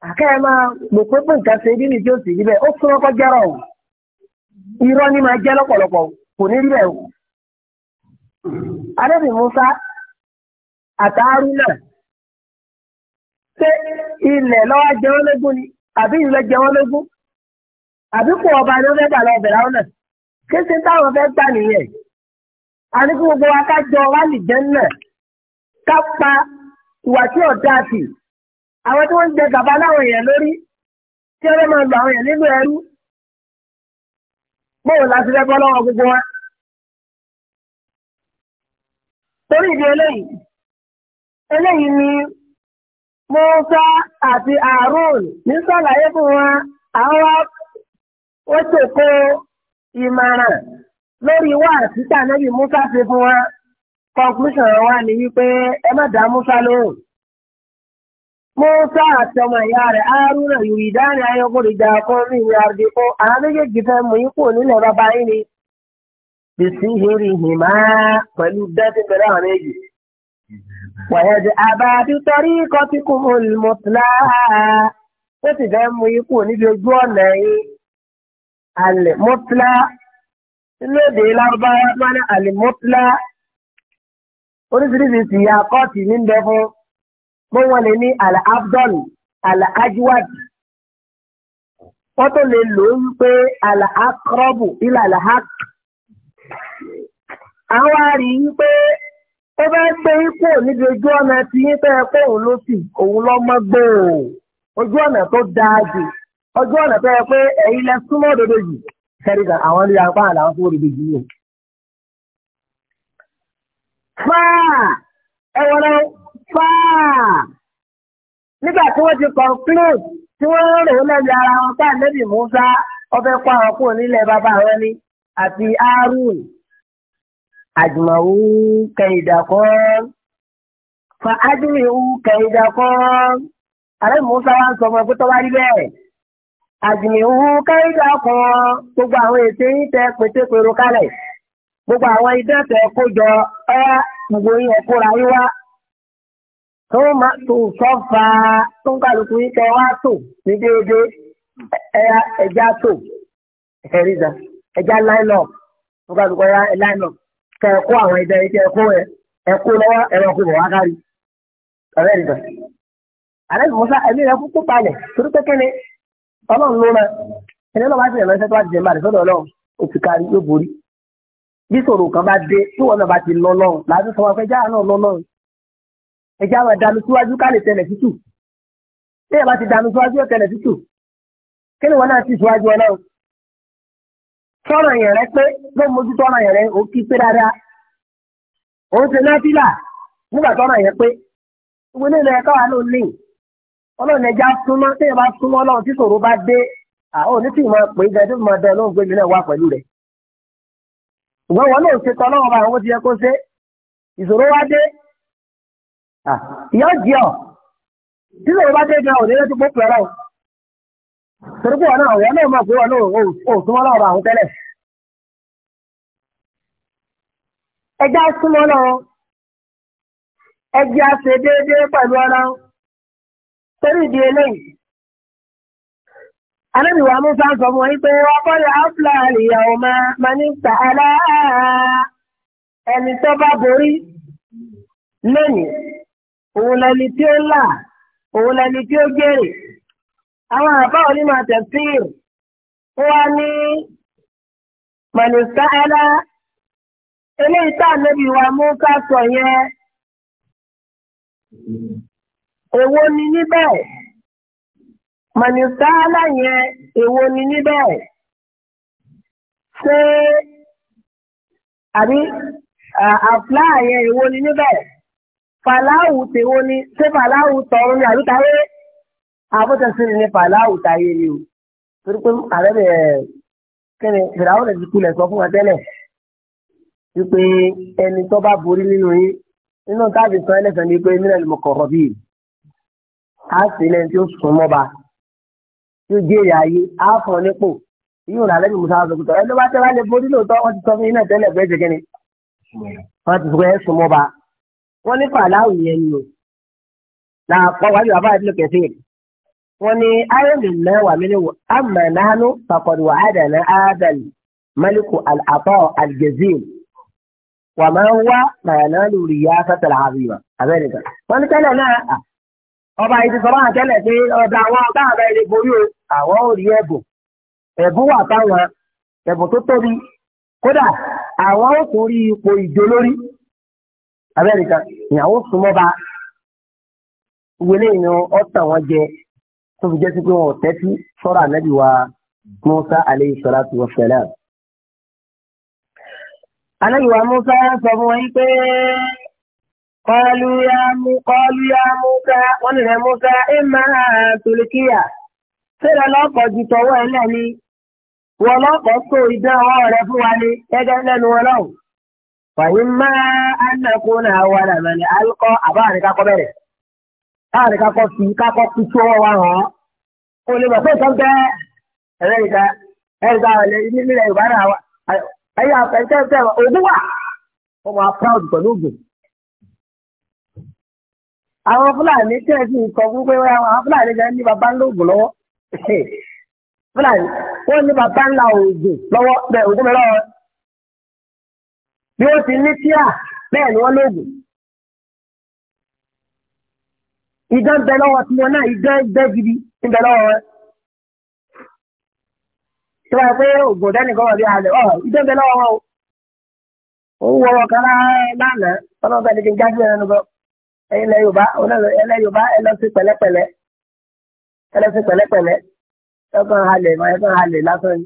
àkẹ́yẹ máa mọ̀ pé pé nǹkan ṣe nínú tí ó sì rí bẹ́ẹ̀ ó súnmọ́ kọ́ jẹ́rọ̀ o irọ́ ni máa jẹ́ lọ́pọ̀lọpọ̀ kò ní rí bẹ́ẹ̀ o. adébì musa àtàárú náà ṣé ilẹ̀ lọ́wọ́ jẹ wọ́n lógún ni àbí ilẹ̀ jẹ wọ́n lógún àbí kò ọba ni wọ́n fẹ́ gbà lọ́wọ́ bẹ̀rẹ̀ àwọn náà kí ṣe táwọn fẹ́ gbà nìyẹn àní kí gbogbo wa ká jọ wálìjẹ́ náà ká pa ìwà tí ọ̀dà sí àwọn tí wọ́n ń jẹ gàba láwọn èèyàn lórí tí wọ́n máa gbà àwọn èèyàn nínú ẹrú bóò láti fẹ́ bọ́ lọ́wọ́ gbogbo wa. torí ìdí eléyìí eléyìí ni Mùsá àti Àrùn ní sàlàyé fún wa àwọn ó ṣètò ìmọ̀ràn lórí wà títà náà bí Mùsá ṣe fún wa conclusion wa ni wípé ẹ má dá Mùsá lóhùn. Mọ́sá àti ọmọ ìyá rẹ̀ Árúnà yuridani ayọ́kùnrin ìjà kan ní ìyá àdìpọ̀. Àwọn fẹ́ mú yín kúrò nílẹ̀ bàbá yín ni. Bìsí ìhìrì hìmá pẹ̀lú dẹ́sí pẹ̀lú àwọn méjì. Wàyẹ̀dì àbábí torí ikọ̀ tí kò mọ̀ lùmọ̀tìlá. Ó sì fẹ́ mú yín kúrò níbi ojú ọ̀nà yín. Àlè mọ́tìlá. Lóde Lárúbáwá máa ní àlè Oríṣiríṣi mo wọn lè ní al-abdul al-ajwad wọ́n tó lè lò ó ń pé al-akrabu ila al-haq àwọn àrí yín pé ó bá gbé yín kúrò níbi ojú ọ̀nà tí yín fẹ́ pé òun ló sì òun lọ́ mọ́ gbòò ojú ọ̀nà tó dáa jù ojú ọ̀nà tó yẹ pé ẹ̀yin lẹ súnmọ́ òdodo yìí kẹrìkà àwọn ní apá àlàáfíà fún òdodo yìí fáà ẹ wọlé fáà nígbà tí wọ́n ti conclude tí wọ́n rò ó lẹ́bi ara wọn tá lẹ́bi Musa ọbẹ̀ kọ́ àwọn kúrò nílẹ̀ bàbá wọn ni àti Harun àjùmọ̀wò kẹ̀yìdàkọ́ fa ájúwìwò kẹ̀yìdàkọ́ ààrẹ Musa wa ń sọ ọmọ ẹgbẹ́ tó wá rí bẹ́ẹ̀ àjùmọ̀wò kẹ̀yìdàkọ́ gbogbo àwọn ètò yìí tẹ pété-pèrò kalẹ̀ gbogbo àwọn idẹ́ tẹ kó jọ ẹ gbogbo yẹn kóra yín wá tó máa tó sọ́fà tó ń kálukú yín kẹ́ wá tò ní déédéé ẹja tò ẹ̀ríza ẹja line up tó kálukú ẹja line up kẹ́ ẹ̀kọ́ àwọn ẹja yìí kẹ́ ẹ̀kọ́ ẹ̀ ẹ̀kọ́ lọ́wọ́ ẹ̀rọ kò bọ̀ wá kárí ọ̀rẹ́ ẹ̀ríza. àlẹ́ musa ẹ̀mí rẹ̀ kúkú palẹ̀ torí pé kíni ọlọ́run ló rẹ̀ ẹni ọlọ́run bá ti rẹ̀ lọ́sẹ̀ tó bá ti jẹ́ mbàdí sọ́dọ̀ ọlọ́run òfin kárí yóò borí bí sòrò kan bá dé tí wọn náà bá ti lọ lọ́run làbí sọ ẹ̀jẹ̀ àwọn ìdánù síwájú ká lè tẹ̀lẹ̀ tútù tí ẹ̀ bá ti dánù síwájú yóò tẹ̀lẹ̀ tútù kí ni wọn náà ti síwájú ọlọ́run sọ̀rọ̀ yẹn rẹ pé ló mójú tọ́rọ̀ yẹn rẹ ó kí pé dáadáa ó ń ṣe náfìlà nígbà tọ́rọ̀ yẹn pé ìwé nílẹ̀ ẹ̀ka wà ló ní ọlọ́run ẹja súnmọ́ tí ẹ̀ bá súnmọ́ ọlọ́run tí ṣòro bá dé àwọn òní tí ìmọ̀ pé gẹ́gẹ́ bí dán lóhùn gbé náà wà pẹ̀lú rẹ̀ ìwọ́n wọn náà ṣe tọ́lọ́wọ́ bá àwọn ti yẹ kó ṣe ìṣòro wá dé ìyá jí ọ títí ìwé bá dé gan òní lójú pópù ọlọ́run torí náà mọ̀ pé náà bá àwọn tẹ́lẹ̀ ẹjá súnmọ́ náà ẹjá ṣe déédéé pẹ̀lú ọ̀nà torí ìdí eléyìí wa fún wọn pé ìyàwó máa ní ẹni òun lẹni tí ó là òun lẹni tí ó jèrè àwọn àbá onímọ̀ tẹ̀síìr ó wá ní mọ̀lẹ́sà ẹ̀dá eléyìí tá ànábì wa mú ká sọ yẹn èwo ni níbẹ̀ mọ̀lẹ́sà ẹ̀dá yẹn èwo ni níbẹ̀ ṣé àbí àfúlà yẹn èwo ni níbẹ̀ fàláwù tèwo ni ṣé fàláwù tọ̀run ni àbí táyé àbótẹ́sìn ni fàláwù táyé ni o torí pé ààrẹ bẹ̀ kẹ́ni fìdáwọ́ rẹ̀ ti kulẹ̀ sọ fún wa tẹ́lẹ̀ wípé ẹni tó bá borí nínú yín nínú táàbì sọ ẹlẹ́sẹ̀ ni pé mílẹ̀ ló kọ̀ọ̀rọ̀ bíi á sì lẹ́ni tí ó sùn mọ́ba tí ó jèrè ayé á fọ̀ nípò yóò rà lẹ́nu musa sọ pé ẹni tó bá tẹ́lá lè borí lóòótọ́ wọ́n ti sọ fún yín náà tẹ́lẹ̀ bẹ́ẹ̀ jẹ́ kẹ́ni wọ́n ti sọ pé ẹ sùn mọ́ba wọ́n ní fàlàwù yẹn ni o làpọ̀ wájú bàbá ìdílé kẹfẹ́ rẹ̀ wọ́n ní ayélu mẹ́wàá mílíwò àmà nánú fàkọ̀dù wà àdànà àdàn mẹ́líkù àtọ̀ àlùjẹ̀zìm wà máa ń wá màyànà lórí yá sátẹ̀lá àbíyàn abẹ́rẹ́dà wọ́n ní tẹ́lẹ̀ náà ọba ìdí sọ báwọn tẹ́lẹ̀ pé ọ̀dà àwọn ọba àbá borí o àwọn ò rí ẹ̀bùn ẹ̀bùn wà táwọn ẹ̀bùn tó tóbi kódà àwọn ò tún rí ipò ìjó lórí abẹ́rẹ́ kan ìyàwó súnmọ́ bá wọlé ìnà ọ̀tàn wọn jẹ tó fi jẹ́ sí pé wọn ò tẹ́tí sọ́rọ̀ ànábì wa Musa alayhi salatu wa salam. ànábì wa Musa sọ fún wọn pé kọlu ya mu kọlu ya Musa wọn nìyẹn Musa ẹ máa tòlùkìyà sílẹ̀ lọ́kọ̀ ju tọwọ́ ẹ lẹ́ni wọ́n lọ́kọ̀ so ìdán ọwọ́ rẹ fún wa ni ẹgẹ́ lẹ́nu ọlọ́run fàyín máa ànàkùn náà wà nàmà ní alukọ àbá àríkàkọ bẹ̀rẹ̀ àríkàkọ fi kakọ fi tó wọn wá hàn kó lè mọ̀ pé nǹkan bẹ́ ẹ̀rẹ́ ìka ẹ̀rẹ́ ìka ọ̀lẹ́ nílẹ̀ Yorùbá náà ẹ̀yà àfẹ́ńtẹ́ńtẹ́ ògùn wà wọ́n máa proud pẹ̀lú ògùn. àwọn Fúlàní tẹ̀ sí nǹkan fún pé àwọn Fúlàní gan ní baba ńlá ògùn lọ́wọ́ Fúlàní wọ́n ní baba ńlá ògùn lọ́wọ́ bẹ́ẹ̀ ògùn mi lọ́wọ́ bí wọ́n ti ní tíà bẹ́ẹ̀ ni wọ́n lóògùn. Idán bẹ lọ́wọ́ tí wọn náà idán gbẹ́ gidi ń bẹ lọ́wọ́ rẹ̀. Tí wọ́n pé ògùn wà bí ọ̀ bẹ lọ́wọ́ wọn o. Ó wọ ọkọ lánàá ọlọ́run bẹ́ẹ̀ ni kí n jáde ẹnu bọ́. Ẹ̀yin lẹ Yorùbá Yorùbá pẹ̀lẹ́pẹ̀lẹ́ pẹ̀lẹ́pẹ̀lẹ́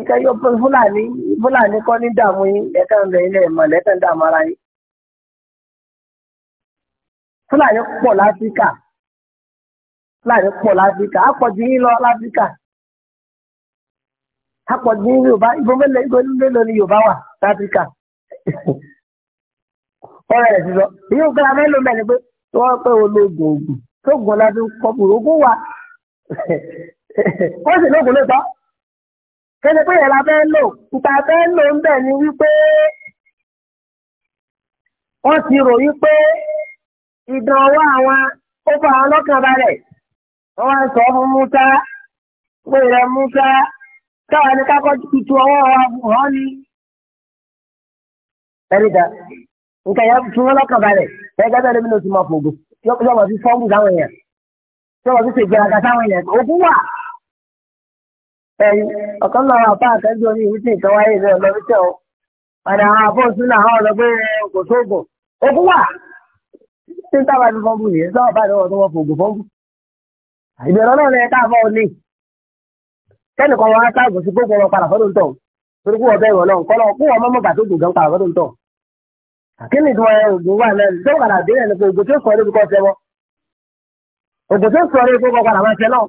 nke yóò fúlàní fúlàní kọ́ ní dààmú yín lẹ́kàn ń bẹ ilé ara yi fúlàní pọ̀ láfíríkà fúlàní pọ̀ láfíríkà àpọ̀jù lọ láfíríkà àpọ̀jù yín yorùbá ibo mélòó ni yorùbá wà láfíríkà. ọ̀rẹ́ rẹ̀ ti sọ èyí ò gbára ogun tó ogun wà ọ sì kẹ́lẹ́ pé yẹn la fẹ́ lò ìta fẹ́ lò ń bẹ̀ ni wípé wọ́n ti rò wípé ìdán ọwọ́ àwọn ó fa àwọn ọlọ́kàn balẹ̀ wọ́n wá ń sọ fún múta pé rẹ̀ múta táwa ní kákọ́ tuntun ọwọ́ wa hàn ní. ẹni dà nǹkan yẹn fún wọn lọ́kàn balẹ̀ ẹgbẹ́ bẹ́ẹ̀ lómi ló ti máa fògùn yọ̀ọ́ fi fọ́ọ̀mù sáwọn èèyàn yọ̀ọ́ fi ṣègbè àgàtà àwọn èèyàn òkú wà. ẹ̀yìn ọ̀kan lọ́wọ́ àbá àtẹ́jú orí ìwé tí wáyé rẹ̀ lọ wíṣẹ́ o ọ̀nà àwọn àbóòsùn náà àwọn ọ̀dọ́gbé kò sóògùn ogun wà tí ń tábà ní yìí sọ́wọ́ bá ní ọ̀dọ́ wọn fògùn fọ́nbù ìbẹ̀rẹ̀ náà wọn á gbogbo wọn padà fọ́dún tọ̀ torí kú wọn náà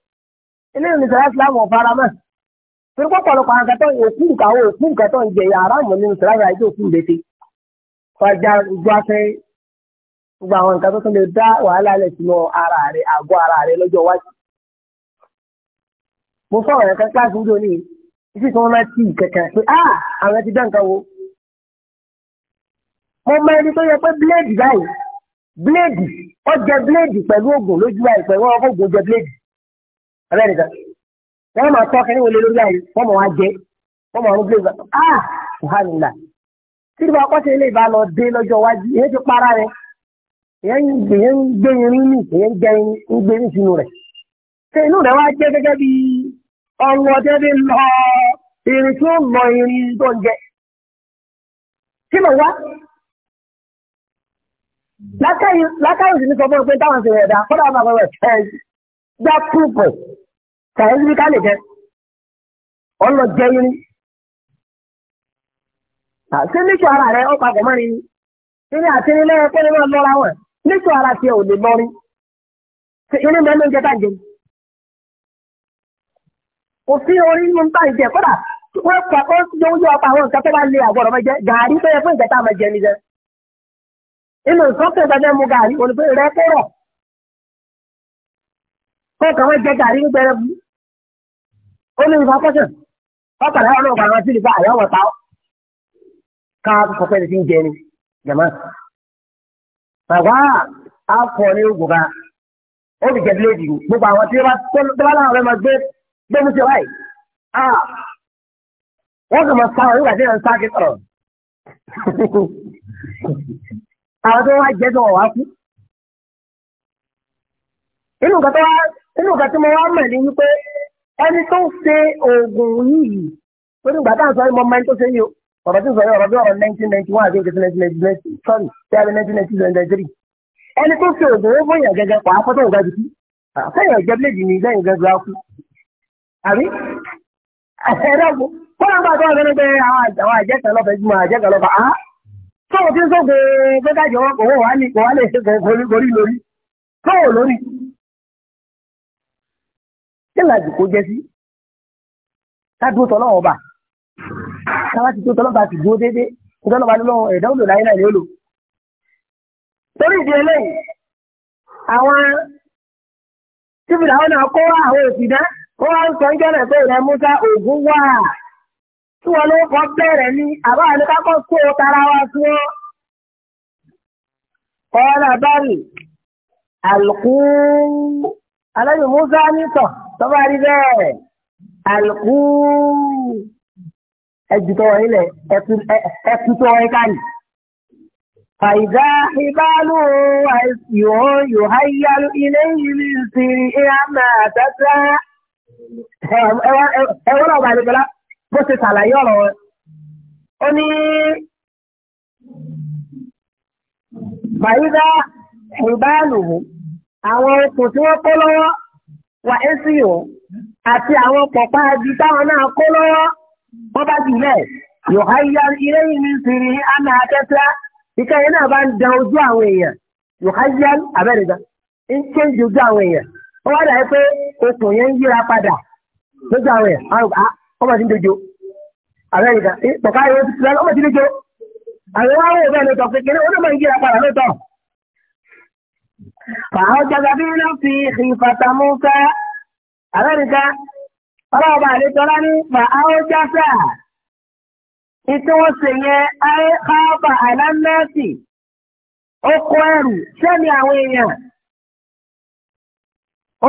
ilé ìrìnsẹ̀ islam ọ̀fara mọ́ torí pọ̀pọ̀lọpọ̀ àwọn kẹtọ́ òkú nǹkan àwọn òkú nǹkan tó ń jẹ yàrá mọ̀ nínú sàrà àìjọ òkú ìbẹ́tẹ̀ fàjà ìgbàfẹ́ gbogbo àwọn nǹkan tó tún lè dá wàhálà lẹ̀ sínú ara rẹ̀ àgọ́ ara rẹ̀ lọ́jọ́ iwájú. mo sọ̀rọ̀ ẹ̀ka kíláàsì ń dòní títí tí wọ́n máa ti kẹ̀kẹ́ pé á àwọn ti dá nǹkan wo. mo mọ ẹni tó yẹ pé bíléèdì báyìí bíléèdì ó jẹ bíléèdì pẹ̀lú òògùn lójú àìpẹ́ wọ́n ọkọ̀ òògùn jẹ bíléèdì. abẹ́ nìkan wọ́n máa tọ́ kẹ́rin wọlé lórí àyè wọ́n máa wá jẹ wọ́n máa rún bí ìgbà ah! tí ìdìbò akọ́ṣe ilé ìbá lọ dé lọ́jọ́ iwájú èyí ti para rẹ èyí ń gbé irin ní èyí ń ń gbé sínú inú wá bí lọ irin tí ó lọ irin tó ń jẹ kí ló wá lákàyè Ka níbi ká lè jẹ ọlọ jẹ irin ṣé níṣọ ara rẹ ó papọ̀ ni irin àti irin lẹ́yìn pẹ́ẹ́rẹ́ náà lọ́ra wọn níṣọ ara tiẹ̀ ò lè lọ́rin ṣe irin mẹ́rin jẹ ká jẹ orí bá ìjẹ kódà àwọn nǹkan tó bá lé jẹ fún ìjẹta jẹ nìjẹ inú mu rẹ ó ní ìfà pẹ́sẹ̀ ọkàlà àwọn ọ̀gá àwọn tí nípa àyàwó ta ká kọ̀pẹ́ ti ń jẹ ni jàmá. bàbá àpọ̀ ní gbogbo ó ti jẹ bíléèdì gbogbo àwọn tí wọ́n láwọn rẹ̀ máa gbé gbé mú sí ọ̀láì. wọ́n kàn máa sá wọn nígbà tí wọ́n ń sá ẹni tó ń ṣe oògùn yìí torí ìgbà tá à ń sọ ọmọ ẹni tó ṣe yìí o ọ̀rọ̀ tí ń sọ yìí ọ̀rọ̀ bí ọ̀rọ̀ nineteen ninety one àti òkè nineteen ninety nine sorry tí a bẹ nineteen ninety ninety three ẹni tó ṣe oògùn ó fóyàn gẹ́gẹ́ pa akọ́tọ̀ òga jù kí fẹ́yàn ẹ̀jẹ̀ bíléèdì ní lẹ́yìn gẹ́gẹ́ akú àbí ẹ̀rọ̀gbọ̀ kọ́nà bá tó wà fẹ́rẹ́ pé àwọn àjẹsẹ̀ lọ́fẹ̀ẹ́ jùmọ̀ àjẹsẹ̀ lọ́fà á sọ̀rọ̀ tí ń sọ̀gbẹ̀ gbẹ́dájọ́ kò wọ́n wà ní kò wà lè ṣe kò lórí lórí sọ̀rọ̀ lórí kí làjù kó jẹ́ sí káàdúró tọ́ lọ́wọ́ ọba káwá ti tó tọ́lọ́ba ti dúró déédéé kó tọ́lọ́ba ní lọ́wọ́ ẹ̀dá òlò láyé náà ni ó lò. torí ìdí eléyìí àwọn tíbi làwọn náà kó àwọn òsìdá ó wá ń sọ ń jẹ́rẹ̀ pé ìrẹ́ Musa ògún wà tí wọn ló kọ́ bẹ̀rẹ̀ ní àbá àníkákọ́ kó o tara wa sí wọn. kọ́ńtà bárì àlùkù aláyọ̀ Musa nítàn tọ́ba rí bẹ́ẹ̀ àlùkù ẹ̀jùtọ̀ ilẹ̀ ẹ̀kútọ̀ ẹ̀kárì. Fàìdá ìbálò àìsíwọ́ yóò háyá ilé ìlú ìsìnrì ìhàmà àtàtà. Ẹ̀wọ́n náà bàlẹ̀ bọ́lá bó ṣe ṣàlàyé ọ̀rọ̀ wọn. Ó ní Fàìdá ìbálò àwọn okùn tí wọ́n kó lọ́wọ́. wà ẹ́sìn o àti àwọn pọ̀pá ẹbí táwọn náà kó lọ́wọ́ wọ́n bá jù lẹ̀ yòóhá ilé yìí ní sìnrì àmà akẹ́tẹ́á ìkẹyẹ náà bá ń da ojú àwọn èèyàn yòóhá abẹ́rẹ́dá ń kéńjì ojú àwọn èèyàn wọ́n wá dàbí pé okùn yẹn ń yíra padà lójú àwọn èèyàn ọmọ ah, ti ń dojo abẹ́rẹ́dá pọ̀pá ti ti dojo àwọn kékeré ó فأوجد في نفسه خيفة موسى أمريكا ọlọ́ọ̀bá àdétọ́lá ní fa áójásá ìtí wọ́n sì yẹn káàbà àlámẹ́sì oko ẹrù sẹ́ni àwọn èèyàn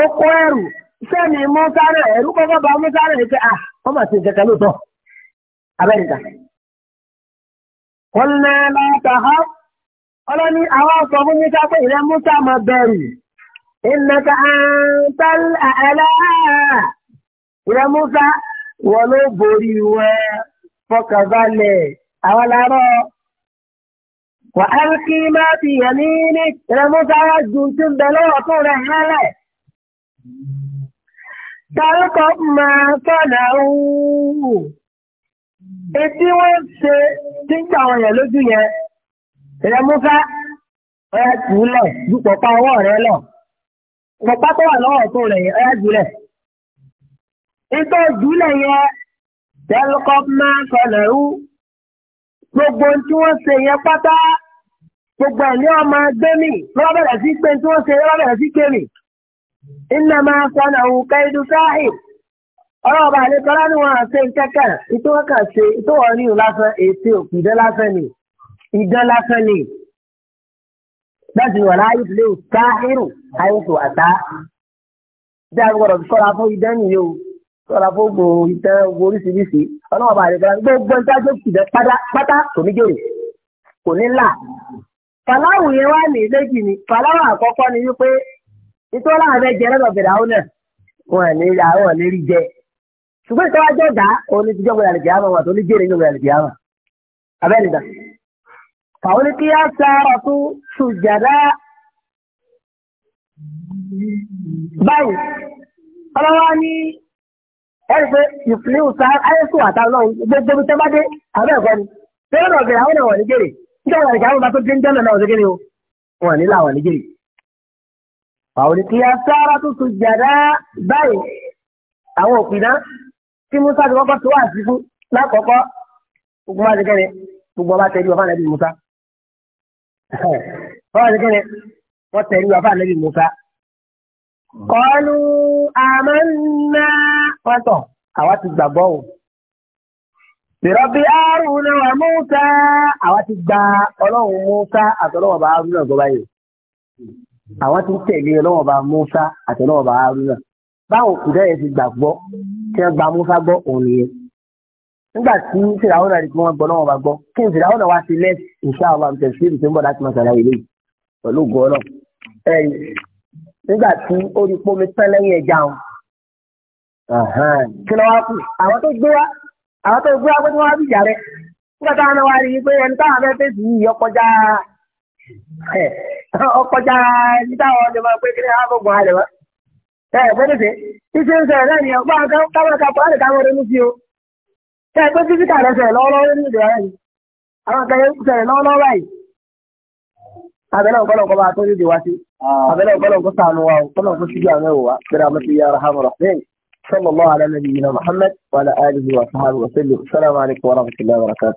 oko ẹrù sẹ́ni mọ́sáré ẹ̀rú kọ́kọ́ mọ́sáré ẹ̀ à wọ́n mà ti ń lóòótọ́ abẹ́rẹ́ta. wọ́n ní láta ọlọ́ni àwọn ọ̀sọ̀ fún ní sáfẹ́ ìrẹ́ múta mọ̀ bẹ̀rù ìnàkà àtàlà ìrẹ́ múta wọ́n ló borí wẹ́ fọkànbalẹ̀ àwọn làárọ̀ wà á kí má fi yàn ní ní ìrẹ́ múta wá ju tí ń bẹ lọ́wọ́ fún rẹ̀ hálẹ̀. Tàlùkọ̀ máa tọ̀nà òun. Ètí wọ́n ṣe tí ń gbà wọ̀nyẹ̀ lójú yẹn ìrẹ́ Musa ọ̀yá jùlẹ̀ dúpọ̀ pa ọwọ́ rẹ lọ. Pọ̀pá tó wà lọ́wọ́ tó rẹ̀ yẹn ọ̀yá jùlẹ̀. Ìtọ́ jùlẹ̀ yẹn tẹ́lẹ̀kọ́ máa ń sọ̀lẹ̀ rú. Gbogbo tí wọ́n ṣe yẹn pátá gbogbo ẹ̀ ní ọmọ ẹgbẹ́ mi lọ́wọ́ bẹ̀rẹ̀ sí pé tí wọ́n ṣe lọ́wọ́ bẹ̀rẹ̀ sí pé mi. Iná máa sọ òun kẹ́ idú sáàhì. Ọ̀rọ̀ ọba àlekọ́lá ni wọ́n á ṣe kẹ́kẹ́ ìtọ́wọ́kà ṣe ìtọ́wọ́ ní ìlú lásán èsì òkùnjẹ́ lásán ni idán lásán ni láti wà láàyè ìdílé sáírù àìsàn àtá bí a gbọdọ̀ sọ́ra fún idán nìyí o sọ́ra fún gbòòrò idán gbòòrò oríṣiríṣi ọlọ́wọ́ bá rẹ̀ gbọ́dọ̀ gbogbo ń dájọ́ ìdán pátá kò ní jèrè kò ní là fàláwù yẹn wá ní méjì ni fàláwù àkọ́kọ́ ni wípé ìtọ́lá rẹ jẹ lọ́dọ̀ bẹ̀rẹ̀ àwọn náà wọn ní àwọn lè rí jẹ ṣùgbọ́n ìtọ́wájọ́ dá òun ní tíjọ́ gbọdọ̀ àlùjá àwọn àtòlíjẹ́ rẹ̀ ní gbọdọ̀ àlùjá àwọn abẹ́rẹ́ dà. قولك يا سارة سجداء báyìí ọlọ́wọ́ ní ẹ̀rùfẹ́ ìfìlíhù sáà ayẹ́sù àtàlọ́run gbogbo bí tẹ́bá dé àbẹ́ ẹ̀kọ́ ni tẹ́lẹ̀ ọ̀gẹ̀rẹ̀ àwọn ẹ̀wọ̀n ní gèrè nígbà wọn ìkà àwọn bá tó dé ń jẹ́ mẹ́ta ọ̀sẹ̀ gèrè o wọn ní láwọn ní gèrè. àwọn ìkí ya sára tó tún báyìí àwọn òpìdá tí Musa ti kọ́kọ́ tó wà sí fún lákọ̀ọ́kọ́ gbogbo má ti kẹ́rẹ́ gbogbo ọba tẹ̀lé ọba nàbí Musa wọ́n ti kéde wọ́n tẹ̀lé wà fún ànábì Musa. kọ́lù àmàna wọ́n tọ̀ àwa ti gbàgbọ́ o. Bìrọ̀bì Aruna wà Musa àwa ti gba ọlọ́run Musa àtọ́lọ́wọ̀ bá Aruna gbọ́ báyìí. Àwọn ti ń tẹ̀lé ọlọ́wọ̀ bá Musa àtọ́lọ́wọ̀ bá Aruna. Báwo kùdẹ́yẹ ti gbàgbọ́ tí wọ́n gba Musa gbọ́ òun nìyẹn nígbà tí fìràwọ́ náà rí kí wọ́n gbọ́ náà wọ́n bá gbọ́ kí n fìràwọ́ náà wá sí lẹ́t ìṣá ọba tẹ̀sí ìrìsẹ́ ń bọ̀ láti máa ṣàlàyé lẹ́yìn pẹ̀lú ògùn ọ̀nà ẹ̀yìn nígbà tí ó rí pómi tán lẹ́yìn ẹja wọn. kí ló wá kù àwọn tó gbé wá àwọn tó gbé wá pé kí wọ́n wá bìjà rẹ̀ nígbà táwọn náà wá rí i pé ẹni táwọn fẹ́ fèsì yìí ọkọjá ọkọjá ní táwọn ọdẹ máa pé kí ni Ṣé pé físíkà lẹ́sẹ̀ lọ́wọ́lọ́wọ́ ní ìdíra yìí? Àwọn akẹ́yẹ ń sẹ̀rẹ̀ lọ́wọ́lọ́wọ́ yìí. Abẹ́lẹ́ ọ̀pọ̀lọ̀ kọ́ bá tó ní ìdíwá sí. Abẹ́lẹ́ ọ̀pọ̀lọ̀ kọ́ sànù wa ọ̀pọ̀lọ̀ kọ́ síbi àwọn ẹ̀wọ̀ wa. Bẹ́rẹ̀ àmọ́ ti yára hàn rọ̀. Sallallahu ala nabiyyina Muhammad wa ala alihi wa sahbihi wa sallam. Assalamu alaikum wa rahmatullahi wa